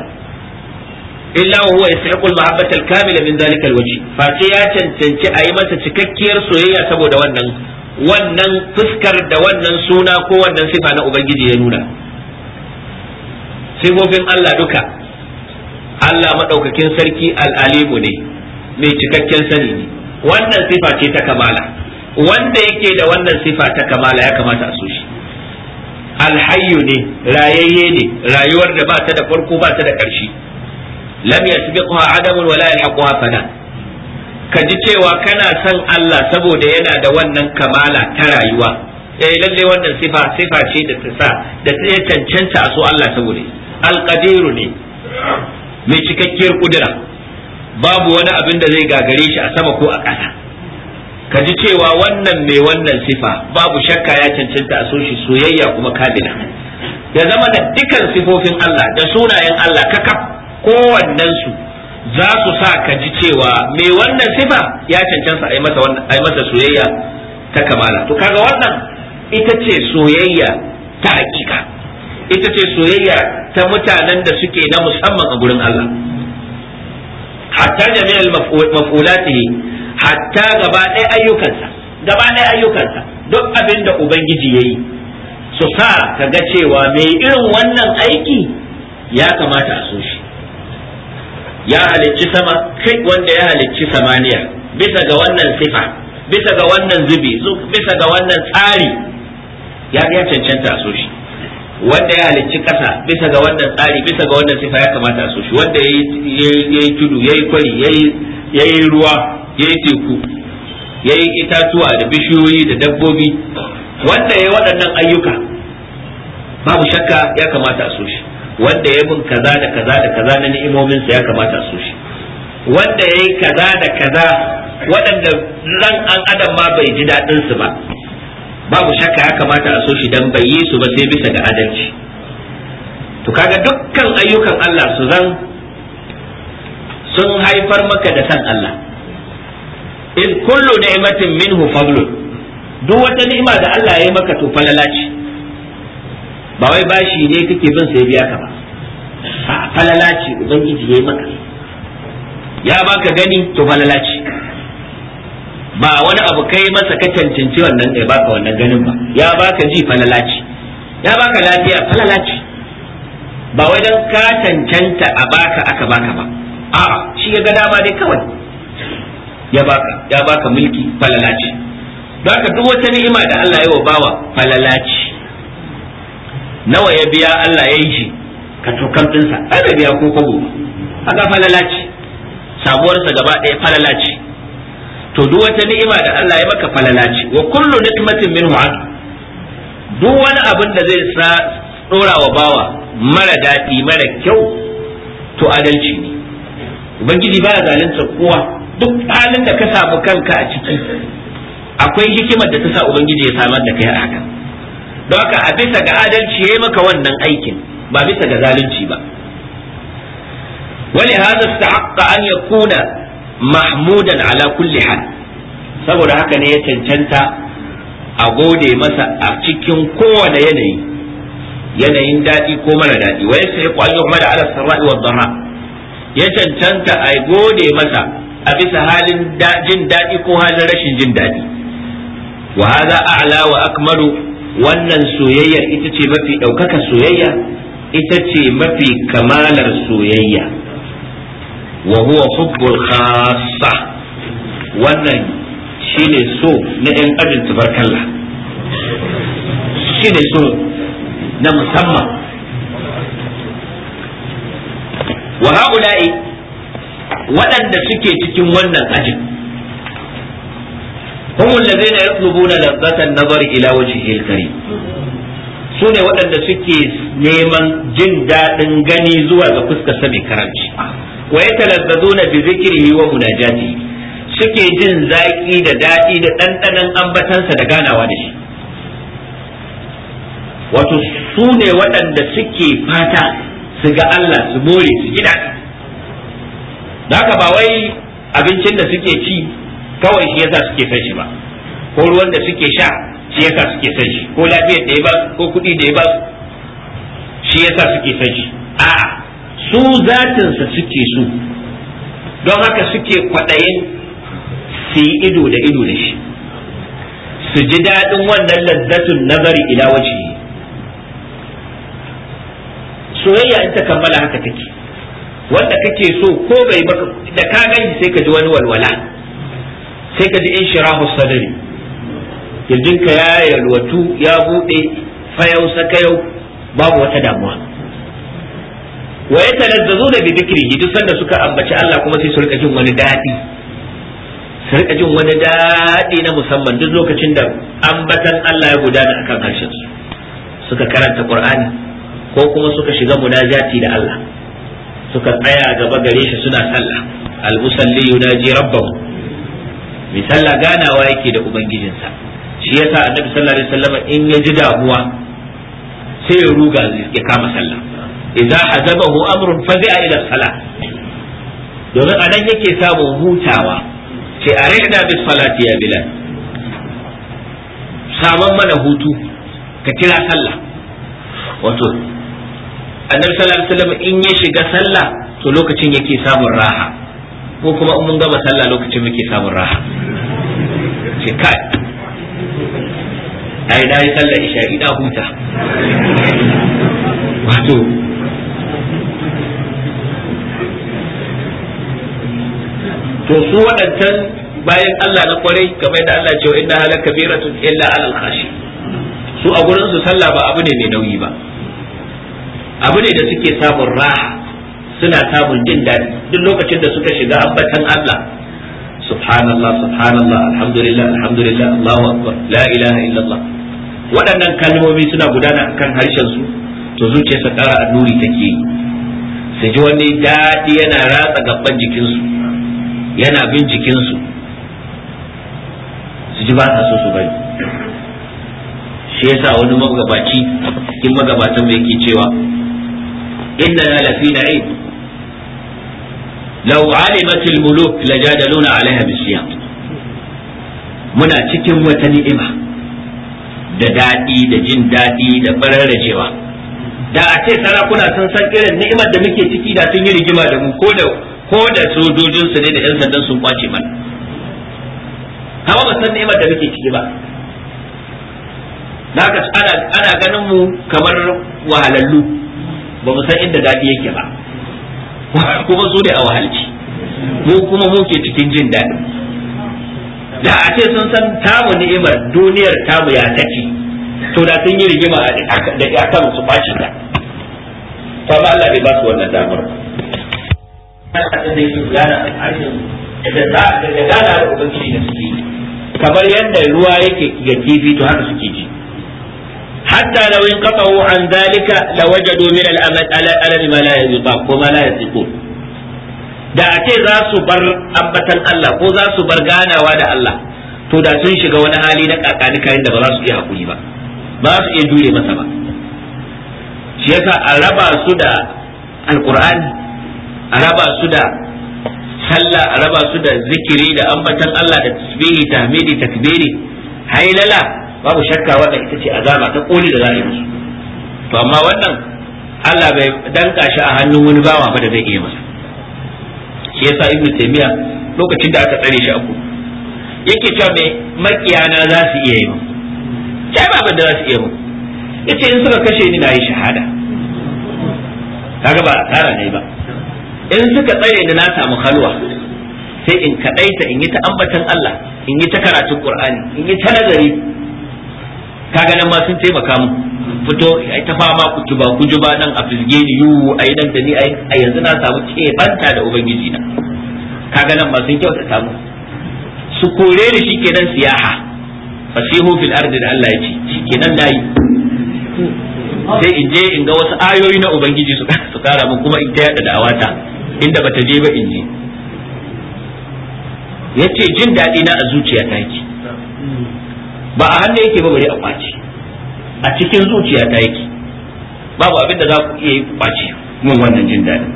illa huwa yastahiqu al-mahabbata al-kamila min dhalika al-wajh face ya cancanci a yi masa cikakkiyar soyayya saboda wannan wannan fuskar da wannan suna ko wannan sifa na ubangiji ya nuna sifofin Allah duka Allah madaukakin sarki al-alimu ne mai cikakken sani ne wannan sifa ce ta kamala wanda yake da wannan sifa ta kamala ya kamata a so shi alhayyu ne rayayye ne rayuwar da ba ta da farko ba ta da ƙarshe lam yasbiqha Adamu wala yalhaquha fana ka ji cewa kana son Allah saboda yana da wannan kamala ta rayuwa eh lalle wannan sifa sifa ce da ta sa da ta cancanta a so Allah saboda alqadir ne mai cikakkiyar kudura babu wani abin da zai gagare shi a sama ko a ƙasa ka ji cewa wannan mai wannan sifa babu shakka ya cancanta a so shi soyayya kuma kamila ya zama da dukan sifofin Allah da sunayen Allah ka kaf kowannen su za su sa ka ji cewa mai wannan sifa ya cancanta a yi masa soyayya ta kamala to kaga wannan ita ce soyayya ta hakika ita ce soyayya ta mutanen da suke na musamman a gurin Allah hatta jami'al maf'ulatihi hatta gaba ɗaya ayyukansa gaba ɗaya ayyukansa duk abin da ubangiji ya yi su sa ka ga cewa mai irin wannan aiki ya kamata a so shi ya halicci sama kai wanda ya halicci samaniya bisa ga wannan sifa bisa ga wannan zubi bisa ga wannan tsari ya ya cancanta a so shi wanda ya halicci ƙasa bisa ga wannan tsari bisa ga wannan sifa ya kamata a so shi wanda ya yi tudu ya yi kwari ya yi ruwa ya yi teku ya yi itatuwa da bishiyoyi da dabbobi wanda ya yi waɗannan ayyuka babu shakka ya kamata a soshi. shi wanda ya yi bin kaza da kaza da kaza na ni'imominsa ya kamata a soshi. shi wanda ya yi kaza da kaza waɗanda ran an adam ma bai ji daɗinsu ba babu shakka ya kamata a soshi shi bai yi su ba sai bisa ga adalci to kaga dukkan ayyukan Allah su zan sun haifar maka da san Allah in kullu ni'matin minhu fadlun duk wata ni'ima da Allah ya yi maka to falala ce ba wai bashi ne kake bin sai biya ka ba falala ce ubangiji ya yi maka ya baka gani to falala ce ba wani abu kai masa ka cancanci wannan ya baka wannan ganin ba ya baka ji falala ce ya baka lafiya falala ce ba wai dan ka cancanta a baka aka baka ba a'a shi ya ga dama dai kawai ya baka ya baka mulki falalaci baka duk wata ni'ima da Allah ya wa bawa falalaci nawa ya biya Allah ya yi shi ka tokan dinsa ai da biya ko kobo haka falalaci sa gaba ɗaya falalaci to duk wata ni'ima da Allah ya maka falalaci wa kullu nikmatin min an duk wani abin da zai sa dora wa bawa mara daɗi mara kyau to adalci ne ubangiji baya zalunta kowa duk halin da ka samu kanka a ciki akwai hikimar da ta sa ubangiji ya samar da kai a haka don haka a bisa ga adalci ya yayi maka wannan aikin ba bisa ga zalunci ba Wani ولهذا an ya kuna mahmudan ala kulli hal saboda haka ne ya cancanta a gode masa a cikin kowane yanayi yanayin daɗi ko mara daɗi wa yasa ya kwallo mara ala sarra'i wa dhara ya cancanta a gode masa a bisa halin jin daɗi ko halin rashin jin daɗi wa hadha a'la wa akmalu wannan soyayyar ita ce mafi ɗaukaka soyayya ita ce mafi kamalar soyayya wa huwa hubbul khassa wannan shine so na ɗan ajin tabarkalla shine so na musamman wa ha'ula'i waɗanda suke cikin wannan ajin humul ladaina yatlubuna ladzatan nazar ila wajhil karim su ne waɗanda suke neman jin daɗin gani zuwa ga fuskar sa mai wa yatalazzazuna bi zikrihi wa munajatihi suke jin zaƙi da daɗi da ɗanɗanon ambatansa da ganawa da shi wato sune waɗanda suke fata su ga Allah su more su gida da haka ba wai abincin da suke ci kawai shi yasa suke son shi ba ko ruwan da suke sha shi yasa suke son shi ko lafiyar da ya ba ko kuɗi da ya ba shi yasa suke son shi a su zatinsa suke su, don haka suke kwaɗayin su yi ido da ido da shi su ji daɗin wannan lazzatun nazari ila waje soyayya in ta kammala haka take wanda kake so ko bai maka da ka gani sai ka ji wani walwala sai ka ji in shirahu sadri kirjinka ya yalwatu ya bude fayau sakayau babu wata damuwa wa ya talazzazu da bidikrihi duk sanda suka ambaci Allah kuma sai su rika jin wani daɗi su rika jin wani daɗi na musamman duk lokacin da ambatan Allah ya gudana akan harshen su suka karanta Qur'ani ko kuma suka shiga munajati da Allah suka tsaya gaba gare shi suna sallah al-musalli yunaji rabbahu mai sallah ganawa yake da ubangijinsa shi yasa annabi sallallahu alaihi wasallam in ya ji damuwa sai ya ruga ya kama sallah idza hazabahu amrun fazi'a ila salah domin anan yake samun hutawa sai arihna bis salati ya bilal Sabon mana hutu ka kira sallah wato annabi sallallahu alaihi wasallam in ya shiga sallah to lokacin yake samun raha ko kuma in mun gama sallah lokacin muke samun raha ce kai ai da yi sallah isha ida huta wato to su waɗancan bayan Allah na kwarai kamar da Allah cewa inna halaka kabiratun illa alal khashi su a gurin su sallah ba abu ne mai nauyi ba abu ne da suke samun raha suna samun jin daɗi duk lokacin da suka shiga ambatan Allah subhanallah subhanallah alhamdulillah alhamdulillah Allahu akbar la ilaha illallah waɗannan kalmomi suna gudana akan harshen su to sa ƙara annuri take yi su ji wani daɗi yana ratsa gaban jikinsu yana bin jikin su ji ba sa so su bari shi yasa wani magabaci cikin magabatan mai ke cewa إننا لفي نعيم لو علمت الملوك لجادلونا عليها بالسياط منا تكم وتنئمة da daɗi da jin daɗi da bararrajewa da a ce sarakuna sun san irin ni'imar da muke ciki da sun yi rigima da mu ko da ko da sojojinsu ne da 'yan sandan sun kwace mana hawa ba san ni'imar da muke ciki ba na ana ganin mu kamar wahalallu ba mu san inda daɗi yake ba kuma su ne a wahalci mu kuma ke cikin jin daɗi da a ce sun san tamu ni'imar duniyar tamu ya take to da sun yi rigima da ya kan su bashi ta to ba Allah bai ba su wannan damar kamar yadda ruwa yake ga kifi to haka suke ji hatta law inqata'u an dhalika lawajadu min al-amal ala ma la yuqaf ko ma da a ce za su bar ambatan Allah ko za su bar ganawa da Allah to da sun shiga wani hali na kakani kayan da ba za su iya hakuri ba ba su iya jure masa ba shi yasa a raba su da alqur'ani a raba su da sallah a raba su da zikiri da ambatan Allah da tasbihi tahmidi takbiri hailala babu shakka wannan ita ce azaba ta koli da za a yi musu to amma wannan Allah bai danka shi a hannun wani bawa ba da zai iya masa shi yasa ibnu taymiya lokacin da aka tsare shi a yake cewa me makiyana za su iya yi sai ba da za su iya mu yace in suka kashe ni na yi shahada kaga ba tsara ne ba in suka tsare ni na samu halwa sai in kadaita in yi ta ambatan Allah in yi ta karatun Qur'ani in yi ta nazari kaga nan ma sun taimaka mu fito ai ta fama ku tuba ku juba nan a fizge ni yu ai nan da ni ai a yanzu na samu banta da ubangiji na kaga nan ma sun ta mu su kore ni shikenan siyaha fasihu fil ardi da Allah ya ce shikenan dai sai in je in ga wasu ayoyi na ubangiji su su kara mun kuma in ta yada awata inda bata je ba in je yace jin daɗi na a zuciya ta yake ba a hannu yake ba bari a kwace a cikin zuciya ta yake babu abin da za ku iya yi ku kwace mun wannan jin daɗin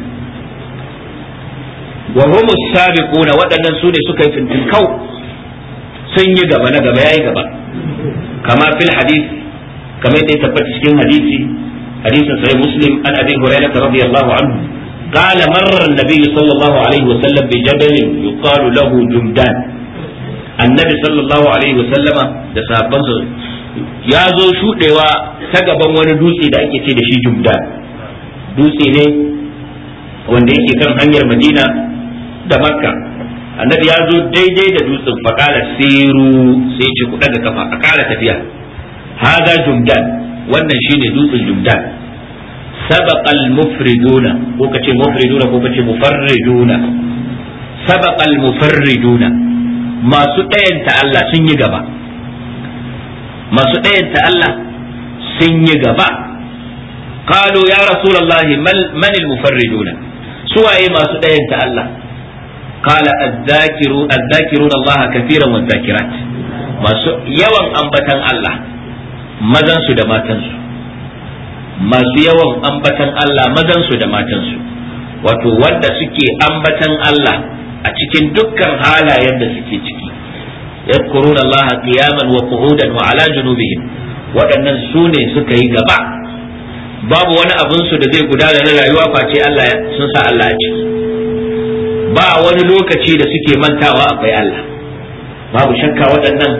wa humu sabiquna waɗannan su ne suka yi fintin kau sun yi gaba na gaba yayi gaba kama fil hadith kama yadda ya tabbata cikin hadisi hadisin sahih muslim an abi hurairah radiyallahu anhu قال مر النبي صلى الله عليه وسلم بجبل يقال له جمدان annabi sallallahu alaihi wasallama da sahabbansa ya zo shudewa ta gaban wani dutse da ake ce da shi jubdan dutse ne wanda yake kan hanyar madina da makka annabi ya zo daidai da dutsen fakala siru sai ce ku daga kafa a kara tafiya haza jumdan wannan shi ne dutsen jumdan سبق المفردون ko kace mufriduna ko kace mufarriduna سبق المفردون masu ɗayanta Allah sun yi gaba masu ɗayanta Allah sun yi gaba qalu ya rasulullahi man al-mufarriduna waye masu ɗayanta Allah قال الذاكرون الذاكرون الله كثيرا والذاكرات masu yawan ambatan Allah mazan su da matan su, masu yawan ambatan Allah mazan su da matan su, wato wanda suke ambatan Allah a cikin dukkan halayen da suke ciki yadkurun Allah qiyaman wa qu'udan wa ala junubihim waɗannan su ne suka yi gaba babu wani abin su da zai gudana na rayuwa face Allah sun sa Allah a ciki ba wani lokaci da suke mantawa akwai Allah babu shakka waɗannan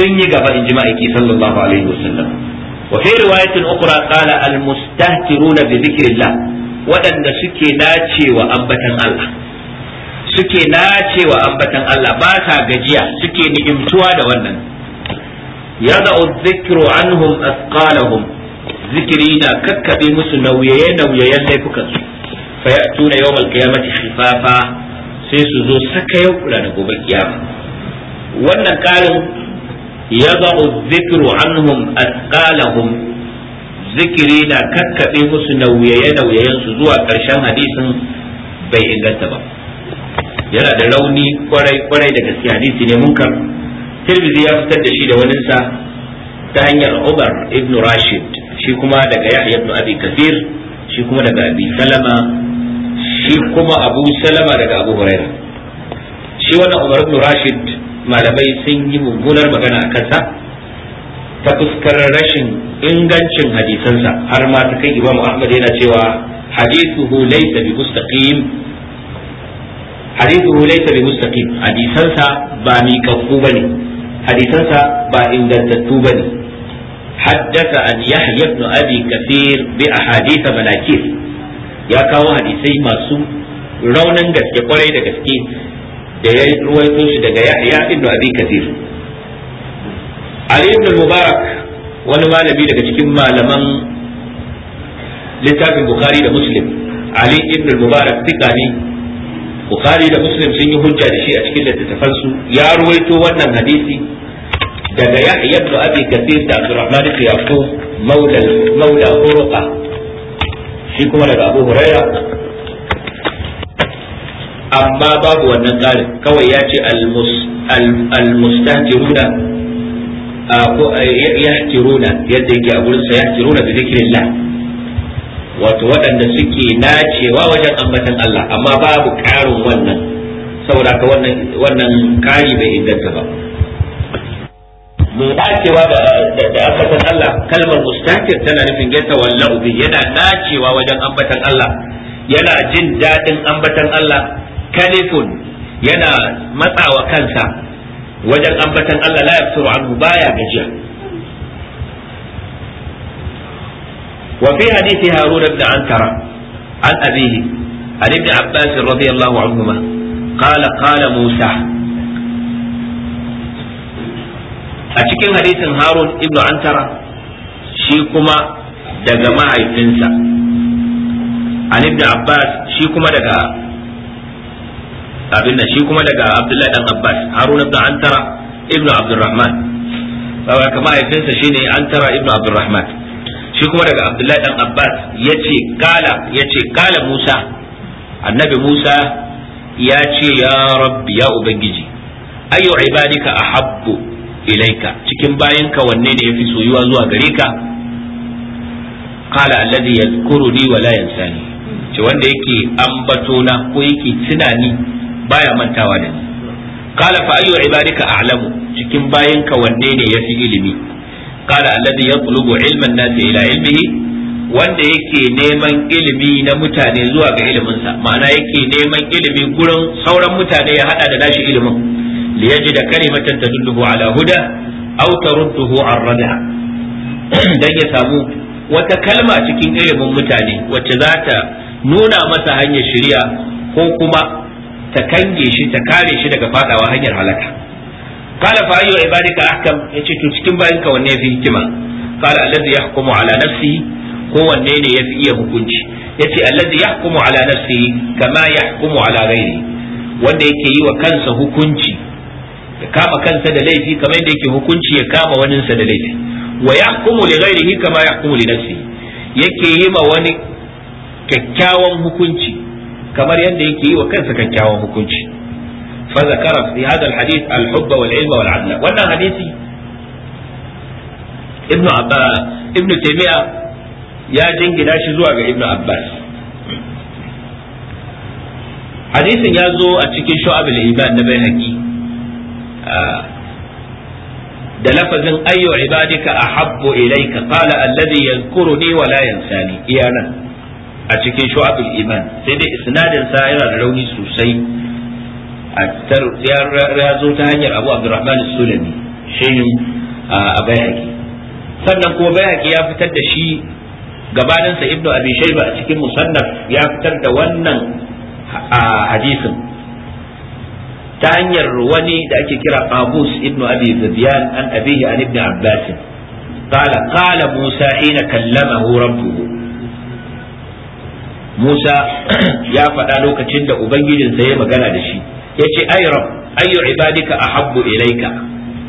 sun yi gaba in ji ma'aiki sallallahu alaihi wasallam wa fi riwayatin ukhra qala al mustahtiruna bi dhikrillah waɗanda suke nacewa ambatan Allah suke cewa ambatan Allah ba sa gajiya suke ni'imtuwa da wannan yada'u zikiru anhum asqalahum zikiri na kakkabe musu nauyaye nauyayen laifukan su fa tuna yawmal qiyamati khifafa sai su zo saka yau kula da gobe kiyama wannan karin yada'u zikiru anhum asqalahum zikiri na kakkabe musu nauyaye nauyayen su zuwa karshen hadisin bai inganta ba yana da rauni kwarai kwarai da gaske hadisi ne munkar tirmidhi ya fitar da shi da wani sa ta hanyar Umar ibn Rashid shi kuma daga Yahya ibn Abi Kathir shi kuma daga Abi Salama shi kuma Abu Salama daga Abu Hurairah shi wannan Umar ibn Rashid malamai sun yi mummunar magana a kansa ta fuskar rashin ingancin hadisansa har ma ta kai Imam Ahmad yana cewa hadithuhu laysa bi mustaqim hadithu laysa bi mustaqim hadisansa ba miƙaƙƙu bane hadisansa ba ingantattu bane haddasa an yahya ibn abi kathir bi ahadith manakir ya kawo hadisai masu raunin gaske kwarai da gaske da ya ruwaito shi daga yahya ibn abi kathir ali ibn mubarak wani malami daga cikin malaman littafin bukhari da muslim ali ibn mubarak ne bukhari da muslim sun yi hujja da shi a cikin littattafan su ya ruwaito wannan hadisi daga yahya ibn abi kathir da abdurrahman ibn yaqub maula maula urqa shi kuma daga abu huraira amma babu wannan ƙarin kawai ya ce almustahjiruna ko eh, yahtiruna yadda yake a gurin sa yahtiruna bi zikrillah wato waɗanda suke nacewa wajen ambatan Allah amma babu ƙarin wannan saboda ka wannan kari bai inganta ba mai nacewa da ambatan Allah kalmar Mustakir tana nufin gaita wallahu bi yana nacewa wajen ambatan Allah yana jin daɗin ambatan Allah kalifun yana matsawa kansa wajen ambatan Allah la yafturu anhu baya gajiya wa fi hadisi harun ibn ankara an abihi an ibn abbas radiyallahu anhu ma qala qala musa a cikin hadisin harun ibn ankara shi kuma daga ma'aikinsa an ibn abbas shi kuma daga abin da shi kuma daga abdullahi dan abbas harun ibn ankara ibn abdurrahman shi kuma daga abdullahi dan abbas ya ce kala ya kala musa annabi musa ya ce ya rabbi ya ubangiji ayu ibadika ahabbu ilaika cikin ka wanne ne yafi soyuwa zuwa gare ka kala alladhi yadhkuruni wa la yansani ce wanda yake ambato na ko yake tunani baya mantawa da ni kala fa ayu ibadika a'lamu cikin ka wanne ne yafi ilimi قال الذي يطلب علم الناس الى علمه wanda yake neman ilimi na mutane zuwa ga iliminsa ma'ana yake neman ilimi gurin sauran mutane ya hada da nashi ilimin da kalimatan tadulluhu ala huda aw tarudduhu ar rada dan ya samu wata kalma cikin ilimin mutane wacce za ta nuna masa hanyar shari'a ko kuma ta kange shi ta kare shi daga fadawa hanyar halaka qala fa ayyu ibadika ahkam yace to cikin ka wanne yafi hikima qala allazi yahkumu ala nafsihi wanne ne yafi iya hukunci yace allazi yahkumu ala nafsihi kama yahkumu ala ghairi wanda yake yi wa kansa hukunci ya kama kansa da laifi kamar yadda yake hukunci ya kama waninsa da laifi wa yahkumu li ghairihi kama yahkumu li nafsihi yake yi ma wani kyakkyawan hukunci kamar yadda yake yi wa kansa kyakkyawan hukunci فذكر في هذا الحديث الحب والعلم والعدل وانا حديثي ابن عباس ابن تيمية يا جنجنا شزوع ابن عباس حديث يازو أتشكي شعب الإيمان نبي حكي da lafazin ayyu ibadika ahabbu ilayka qala alladhi yadhkuruni wa la yansani iyana a cikin shu'abul iman sai dai isnadin sa yana da rauni sosai ya zo ta hanyar abu abdurrahman sulami shehin a bayaki sannan kuma bayaki ya fitar da shi gabaninsa ibnu abi a cikin musannaf ya fitar da wannan hadisin ta hanyar wani da ake kira abus ibnu abi zabiyan an abihi an ibnu abbas qala qala musa hina kallamahu rabbuhu musa ya faɗa lokacin da ubangijinsa ya magana da shi yace ay rab ayu ibadika ahabbu ilayka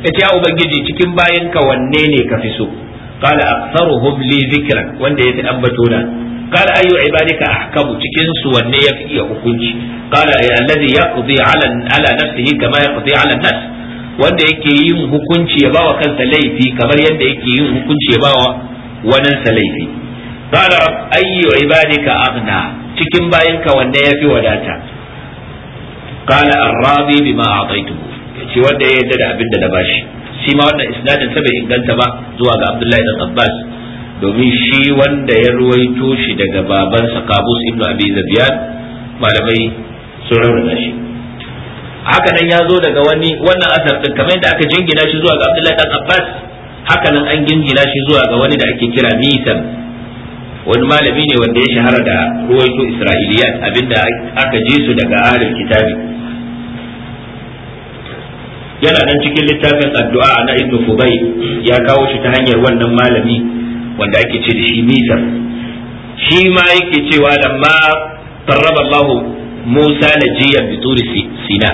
yace ya ubangiji cikin ka wanne ne ka fi so qala aktharuhum li dhikran wanda ya ambato da qala ayu ibadika ahkamu cikin su wanne ya fi iya hukunci qala alladhi yaqdi ala ala nafsihi kama yaqdi ala nas wanda yake yin hukunci ya bawa kansa laifi kamar yadda yake yin hukunci ya bawa sa laifi qala ayu ibadika aghna cikin ka wanne ya fi wadata قال الراضي بما اعطيته شي ودا wanda ya yarda da abin da na bashi shi ma ان غنتا با زوا inganta ba zuwa ga Abdullahi dan Abbas domin shi wanda ya ruwaito shi daga babansa Qabus ibn Abi Zabiyan malamai sun rauna shi haka nan ya zo daga wani wannan asar din kamar yadda aka jingina shi zuwa ga Abdullahi dan Abbas haka nan an jingina shi zuwa ga wani da ake kira Misan wani malami ne wanda ya shahara da ruwaito Isra'iliya abinda aka ji su daga ahlul kitabi yana nan cikin littafin addu'a na ibn fubai ya kawo shi ta hanyar wannan malami wanda ake ce da shi mitar shi ma yake cewa ma qarraba Allah Musa najiyan bi turi sina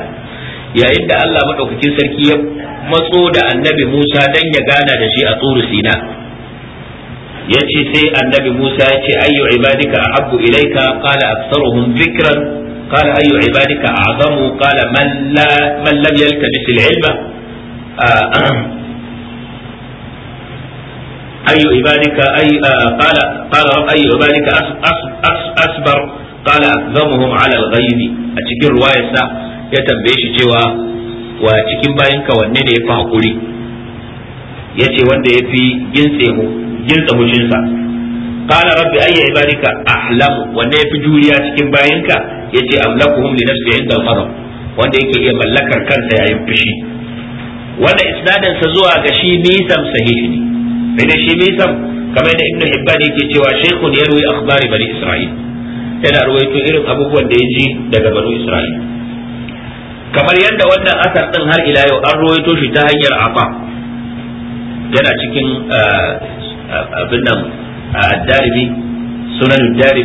yayin da Allah madaukakin sarki ya matso da annabi Musa dan ya gana da shi a turi sina yace sai annabi Musa yace ayyu ibadika ahabbu ilayka qala aktharuhum dhikran qala ayyu ibadika a'zamu qala man la man lam yaltabis al-ilma ah, ayyu ibadika ay ah, qala qala ayyu ibadika asbar qala akthamuhum ala al-ghayb a cikin ruwayarsa ya tambaye shi cewa wa cikin bayanka wanne ne yafi hakuri yace wanda yafi gintse mu jinsa hushinsa qala rabbi ayya ibadika ahlamu wanda yafi juriya cikin bayanka yace amlakuhum li nafsi inda al wanda yake iya mallakar kansa yayin fushi wanda isnadin sa zuwa ga shi misam sahihi ne sai shi misam kamar da ibnu hibban yake cewa shaykhun yarwi akhbari bani isra'il yana ruwaito irin abubuwan da ya ji daga Bani isra'il kamar yadda wannan asar din har ila yau an ruwaito shi ta hanyar afa yana cikin eh, abin nan ad-darimi sunan ad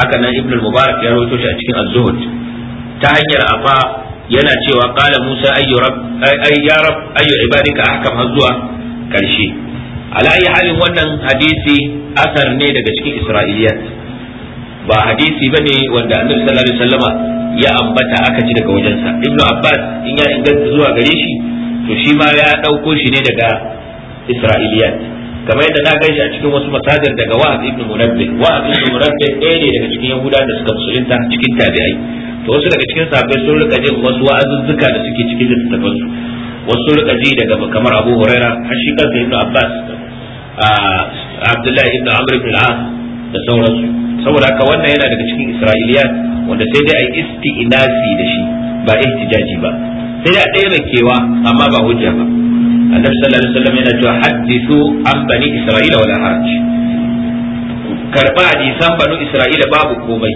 haka nan ibn al-mubarak ya rawaito shi a cikin az-zuhd ta hanyar afa yana cewa qala musa ayyu rabb ay ya rabb ayyu ibadika ahkam hazwa karshe ala ayi halin wannan hadisi asar ne daga cikin isra'iliyat ba hadisi bane wanda annabi sallallahu alaihi wasallama ya ambata aka ji daga wajensa ibnu abbas in ya inganta zuwa gare shi to shi ma ya dauko shi ne daga isra'iliyat kamar yadda na gaishe a cikin wasu masajir daga wa'az ibn munabbih wa'az ibn munabbih ɗaya ne daga cikin yahuda da suka musulunta cikin tabi'ai to wasu daga cikin sahabbai sun rika jin wasu wa'azuzzuka da suke cikin littattafan su wasu sun rika ji daga kamar Abu Huraira har shi kansa Ibn Abbas Abdullahi ibn Amr ibn al da sauransu saboda haka wannan yana daga cikin Isra'iliyat wanda sai dai a yi isti'nasi da shi ba ihtijaji ba sai dai a ɗaya kewa amma ba hujja ba annabi sallallahu alaihi wasallam yana cewa hadithu an bani isra'ila wala haraj karba hadisan banu isra'ila babu komai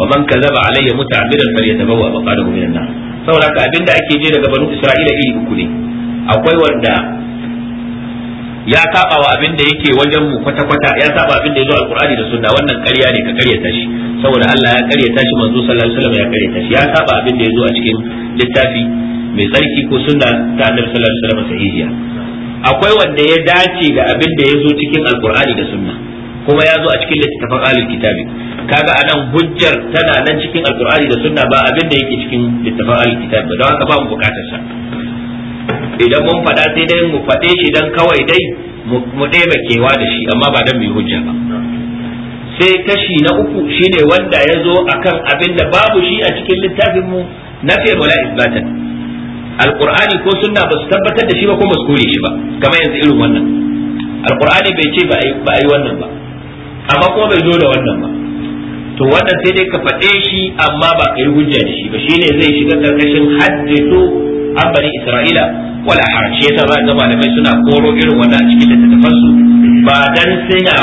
wa man kazaba alayya muta'ammidan falyatabawwa maqadahu minan nar saboda haka abinda ake je daga banu isra'ila iri uku ne akwai wanda ya saba wa abin da yake wajen mu kwata kwata ya saba abin da yazo alqur'ani da sunna wannan ƙarya ne ka ƙaryata shi saboda Allah ya ƙaryata shi manzo sallallahu alaihi wasallam ya ƙaryata shi ya saba abin da yazo a cikin littafi mai tsarki ko suna ta annabi sallallahu alaihi sahihiya akwai wanda ya dace da abin da ya zo cikin alkur'ani da sunna kuma ya zo a cikin littattafan ahlul kitabi kaga anan hujjar tana nan cikin alkurani da sunna ba abin da yake cikin littattafan ahlul kitabi ba don haka ba mu bukatar sa idan mun faɗa sai dai mu faɗe shi dan kawai dai mu ɗebe kewa da shi amma ba dan mu yi hujja ba sai kashi na uku shine wanda ya zo akan abin da babu shi a cikin littafin mu na fi'l wala alqur'ani ko sunna ba su tabbatar da shi ba ko ba su kore shi ba kamar yanzu irin wannan alqur'ani bai ce ba a yi wannan ba amma kuma bai zo da wannan ba to wannan sai dai ka faɗe shi amma ba ka yi hujja da shi ba shine zai shiga karkashin haddisu an bani isra'ila wala harshe shi ba ga malamai suna koro irin wannan a cikin su ba dan suna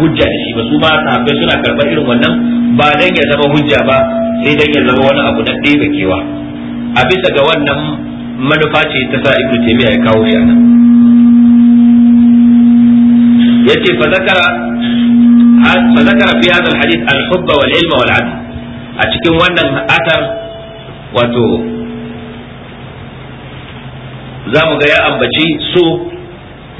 hujja da shi ba su ma sahabbai suna karɓar irin wannan ba dan ya zama hujja ba sai dan ya zama wani abu na ɗebe kewa a bisa ga wannan manufa ce ta sa ibnu taymiya ya kawo shi anan yace fa zakara fa zakara fi hadha alhadith alhubb wal adl a cikin wannan athar wato zamu ga ya ambaci so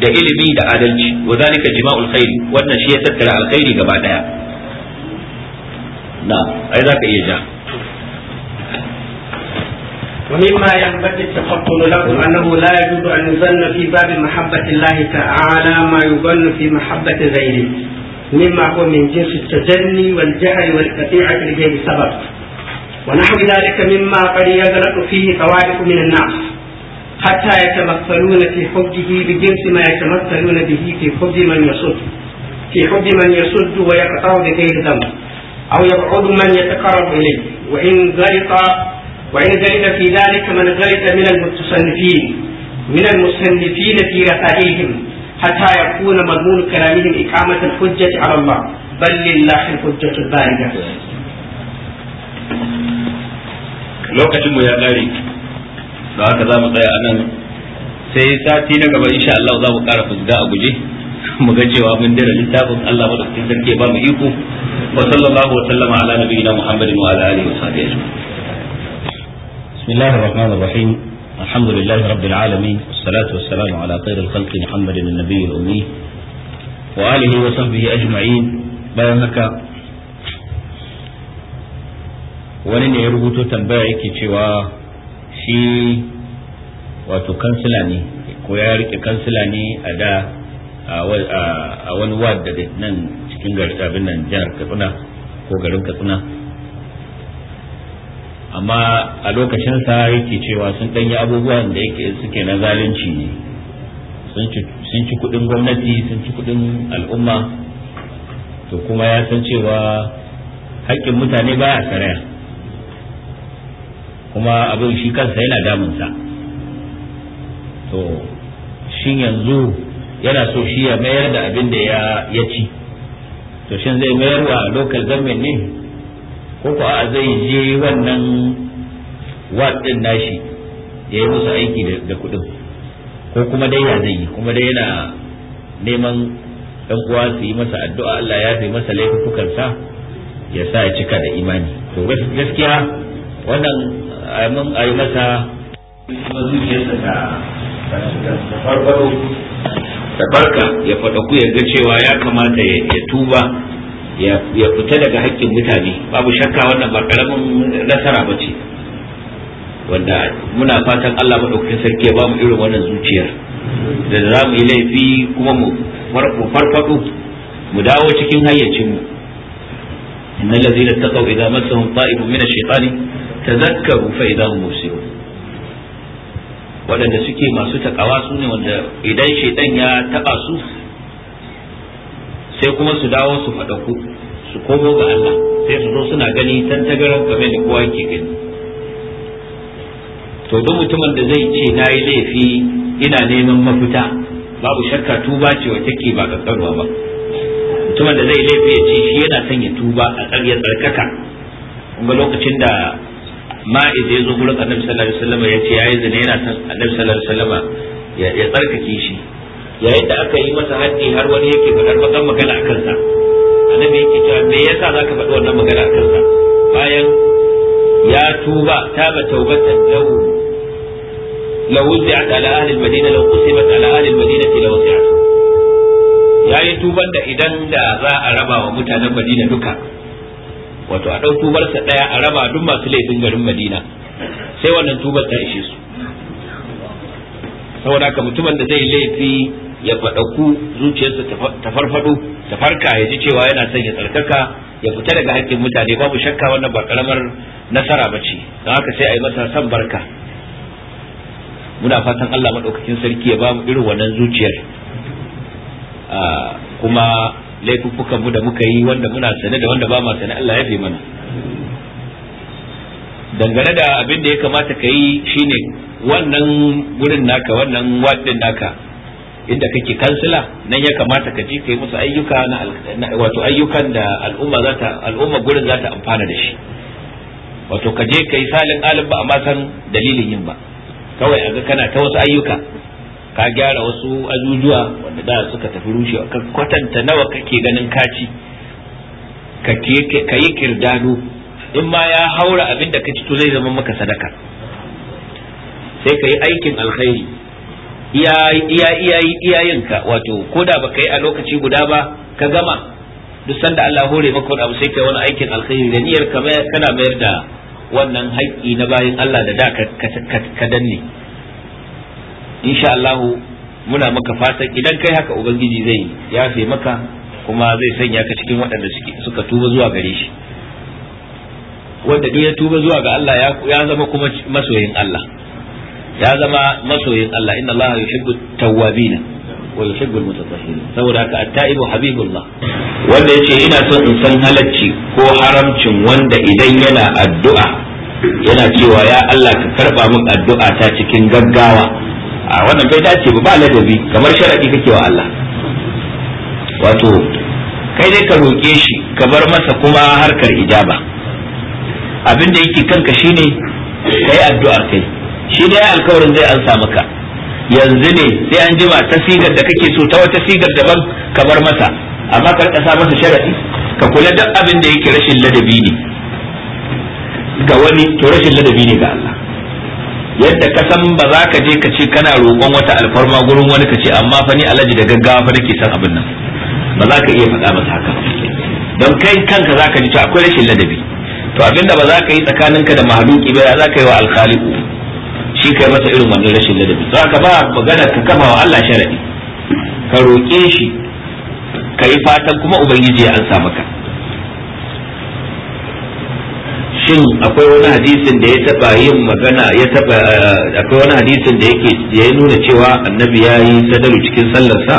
da ilimi da adalci wa zalika jima'ul khairi wannan shi ya tattara alkhairi gaba daya na ai zaka iya ja ومما ينبغي التفطن له انه لا يجوز ان يظن في باب محبه الله تعالى ما يظن في محبه غيره مما هو من جنس التجني والجهل والقطيعه لغير سبب ونحو ذلك مما قد يغلط فيه طوائف من الناس حتى يتمثلون في حبه بجنس ما يتمثلون به في حب من يصد في حب من يصد ويقطع بغير ذنب او يبعد من يتقرب اليه وان غلط وإن غلط في ذلك من غلط من المتصنفين من المصنفين في رسائلهم حتى يكون مضمون كلامهم إقامة الحجة على الله بل لله الحجة البالغة lokacin ya ƙare da haka za mu tsaya a nan sai sati na gaba insha Allah za mu ƙara fuzga a guje mu ga cewa mun dira littafin Allah madaukakin sarki ba mu iko wa sallallahu wa sallama ala nabiyina Muhammadin wa ala alihi wa sahbihi بسم الله الرحمن الرحيم الحمد لله رب العالمين والصلاة والسلام على خير الخلق محمد النبي الأمي وآله وصحبه أجمعين بيانك ولن يربط تنبعك شوى شي وتكنسلني كويارك كنسلني أداء a wani wad da nan cikin garin nan jihar katsina ko garin katsina amma a lokacin sa yake cewa sun danyi abubuwan da yake suke na zalunci ne sun ci kudin gwamnati sun ci kudin al'umma to kuma ya san cewa haƙƙin mutane baya saraya kuma abin shi kansa yana damunsa to shin yanzu yana so shi ya mayar da abin da ya ci to shin zai mayar wa local government ne ko ko a zai je wannan watsin nashi ya yi musu aiki da kuɗi? ko kuma dai ya zai yi kuma dai yana neman ɗan uwa su yi masa addu'a Allah ya yi masa laifukansa ya sa ya cika da imani to gaskiya wannan mun a yi masa zuciyarsa ta barka ya ku ya ga cewa ya kamata ya tuba ya fita daga hakkin mutane babu shakka wannan ba karamin nasara ba ce wanda muna fatan Allah maɗaukakin sarki ya ba mu irin wannan zuciyar da za mu yi laifi kuma mu farfaɗo mu dawo cikin hayyacinmu inna allazina taqaw idza massahum ta'ibun min ash-shaytani tadhakkaru fa idza hum mubsirun waɗanda suke masu takawa sune wanda idan shaytan ya taba su sai kuma su dawo su faɗaku su komo ga Allah sai su zo suna gani tantagaran game da kowa yake gani to duk mutumin da zai ce nayi laifi ina neman mafita babu shakka tuba ce wa take ba kankarwa ba mutumin da zai laifi ya ce shi yana son ya tuba a tsarkaka kuma lokacin da ma'iz ya zo gurin annabi sallallahu alaihi wasallam ya ce yayi zina yana son annabi sallallahu alaihi wasallam ya tsarkake shi yayin da aka yi masa haddi har wani yake faɗar bakan magana a kansa annabi yake cewa me yasa zaka faɗi wannan magana a kansa bayan ya tuba ta taba taubatan lahu law wuzi'at ala ahli al-madina law qusimat ala ahli al la law wasi'at yayi tuban da idan da za a raba wa mutanen Madina duka wato a tubar tubarsa ɗaya a raba duk masu laifin garin Madina sai wannan tubar ta ishe su saboda haka mutumin da zai laifi ya faɗaku zuciyarsa ta farfado ta farka ya ji cewa yana son ya tsarkaka ya fita daga hakkin mutane babu shakka wannan ba karamar nasara ba ce don haka sai a yi masa san barka muna fatan Allah maɗaukakin sarki ya ba mu irin wannan zuciyar ah, kuma laifuffukan mu da muka yi wanda muna sane da wanda ba ma sane Allah ya fi mana dangane da abin da ya kamata ka yi shine wannan gurin naka wannan wadin naka inda kake kansila nan ya kamata ka je kai musu ayyuka na wato ayyukan da al'umma za ta al'umma gurin za ta amfana da shi wato ka je kai salin alim ba amma san dalilin yin ba kawai a ga kana ta wasu ayyuka ka gyara wasu ajujuwa wanda da suka tafi rushewa ka kwatanta nawa kake ganin kaci ka yi kirdado in ma ya haura abin da ka ci to zai zama maka sadaka sai ka yi aikin alkhairi iya iya yinka wato ko da baka yi a lokaci guda ba ka gama duk sanda Allah hore maka wani abu sai kai wani aikin alkhairi da niyyar ka kana mayar da wannan haƙƙi na bayin Allah da da ka danne insha Allah muna maka fatan idan kai haka ubangiji zai yafe maka kuma zai sanya ka cikin waɗanda suka tuba zuwa gare shi wanda duk ya tuba zuwa ga Allah ya zama kuma masoyin Allah ya zama masoyin Allah inna Allah yuhibbu tawwabina wa yuhibbu mutatahhirin saboda haka at-taibu habibullah wanda yace ina son in san halacci ko haramcin wanda idan yana addu'a yana cewa ya Allah ka karba min addu'a ta cikin gaggawa a wannan bai dace ba ba ladabi kamar sharadi kake wa Allah wato kai dai ka roƙe shi ka bar masa kuma harkar ijaba abin da yake kanka shine kai addu'a kai shi ya alkawarin zai ansa maka yanzu ne sai an jima ta sigar da kake so ta wata sigar daban ka bar masa amma ka rika sa masa sharadi ka kula duk abin da yake rashin ladabi ne ga wani to rashin ladabi ne ga Allah yadda ka san ba za ka je ka ce kana roƙon wata alfarma gurin wani ka ce amma fa ni alaji da gaggawa fa nake san abin nan ba za ka iya faɗa masa haka don kai kanka za ka ji to akwai rashin ladabi to abinda ba za ka yi tsakaninka da mahaluki ba za ka yi wa alkhaliku shi kai masa irin wannan rashin ladabi Za ka ba magana ka kama wa Allah sharadi ka roƙe shi ka yi fatan kuma ubangiji ya ansa maka shin akwai wani hadisin da ya taba yin magana ya taba eh, akwai wani hadisin da yake ya nuna cewa annabi ya yi sadaru cikin sa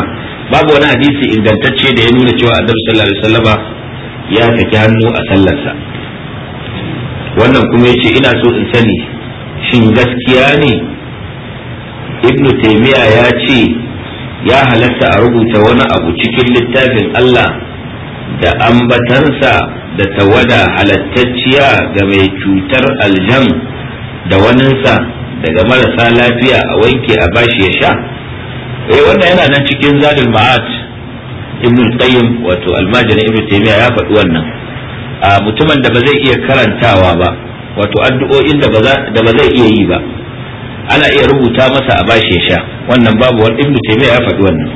babu wani hadisi ingantacce da ya nuna cewa annabi sallallahu alaihi wasallama ya saki hannu a sallarsa wannan kuma yace ina so in sani shin gaskiya ne ibnu taimiya ya ce ya halatta a rubuta wani abu cikin littafin Allah da ambatansa da tawada halattacciya ga mai cutar aljam da waninsa daga marasa lafiya a wanke a bashi ya sha eh wannan yana nan cikin zadul ma'at ibn qayyim wato almajiri ibn taymiya ya faɗi wannan a mutumin da ba zai iya karantawa ba wato addu'o'in da ba zai iya yi ba ana iya rubuta masa a bashi ya sha wannan babu wani ibnu taymiya ya faɗi wannan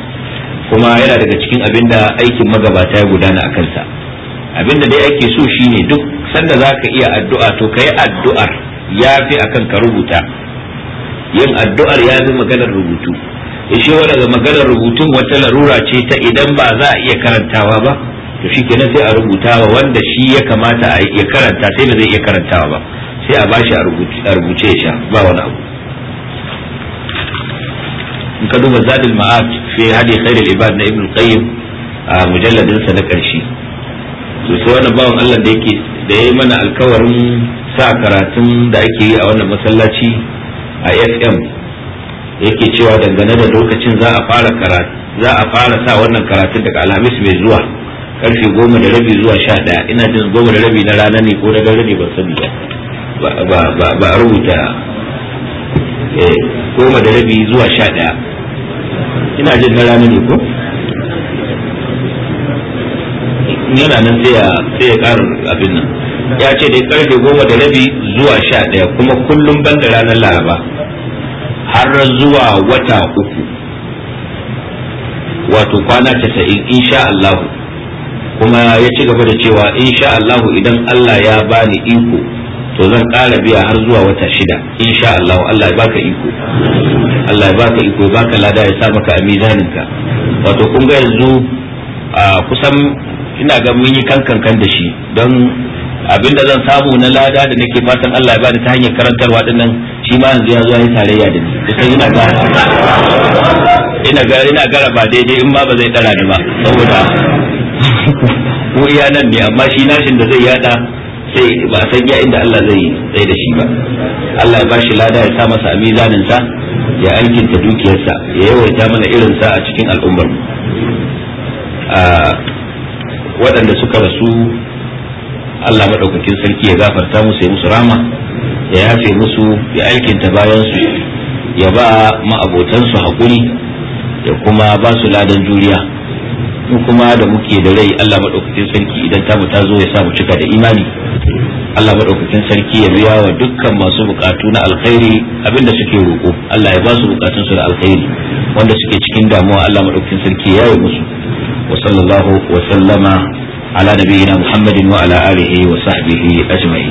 kuma yana daga cikin abin da aikin magabata ya gudana a kansa abin dai ake so shine duk sanda za ka iya addu'a to ka yi addu'ar ya fi akan ka rubuta yin addu'ar ya fi maganar rubutu ishe daga maganar rubutun wata larura ce ta idan ba za a iya karantawa ba to shi kenan sai a rubuta wa wanda shi ya kamata a ya karanta sai ba zai iya karanta ba sai a bashi a rubuce sha ba wani abu in ka duba zadul ma'ad fi hadi al ibad na ibn qayyim a mujalladin sa na karshe to sai wannan bawan Allah da yake da yayi mana alkawarin sa karatun da ake yi a wannan masallaci a FM yake cewa dangane da lokacin za a fara karatu za a fara sa wannan karatun daga alhamis mai zuwa karfe goma da rabi zuwa sha ɗaya ina jin goma da rabi na rana ne ko na dare ne ban sani ba ba rubuta eh, goma da rabi zuwa sha ɗaya ina jin na rana ne ko yana nan sai ya ƙara abin nan ya ce dai karfe goma da rabi zuwa sha ɗaya kuma kullum ban da ranar laraba har zuwa wata uku wato kwana casa'in sha Allahu kuma ya ci gaba da cewa insha Allah idan Allah ya bani iko to zan ƙara biya har zuwa wata shida insha Allah Allah ya baka iko Allah ya baka iko ya baka lada ya sa maka a mizaninka wato kun ga yanzu kusan ina ga mun yi kankan da shi don abinda zan samu na lada da nake fatan Allah ya bani ta hanyar karantarwa dinnan shi ma yanzu ya zo ya tarayya da ni sai ina ga ina ga ina ga ba daidai in ma ba zai dara ni ba saboda ko iya nan ne amma shi nashin da zai yada sai ba san ya inda Allah zai tsaye da shi ba Allah ya bashi lada ya sa masa a mizanin sa ya aikinta dukiyarsa ya yawaita mana irin sa a cikin al'ummar a waɗanda suka rasu Allah maɗaukakin sarki ya gafarta musu ya musu rama ya yafe musu ya aikinta bayan su ya ba ma'abotansu haƙuri ya kuma ba su ladan juriya mu kuma da muke da rai Allah maɗaukakin sarki idan tamu ta zo ya sa mu cika da imani Allah maɗaukakin sarki ya biya wa dukkan masu bukatu na alkhairi abinda suke roƙo Allah ya ba su bukatun su da alkhairi wanda suke cikin damuwa Allah maɗaukakin sarki ya yi musu wa sallallahu wa sallama ala nabiyyina Muhammadin wa ala alihi wa sahbihi ajma'in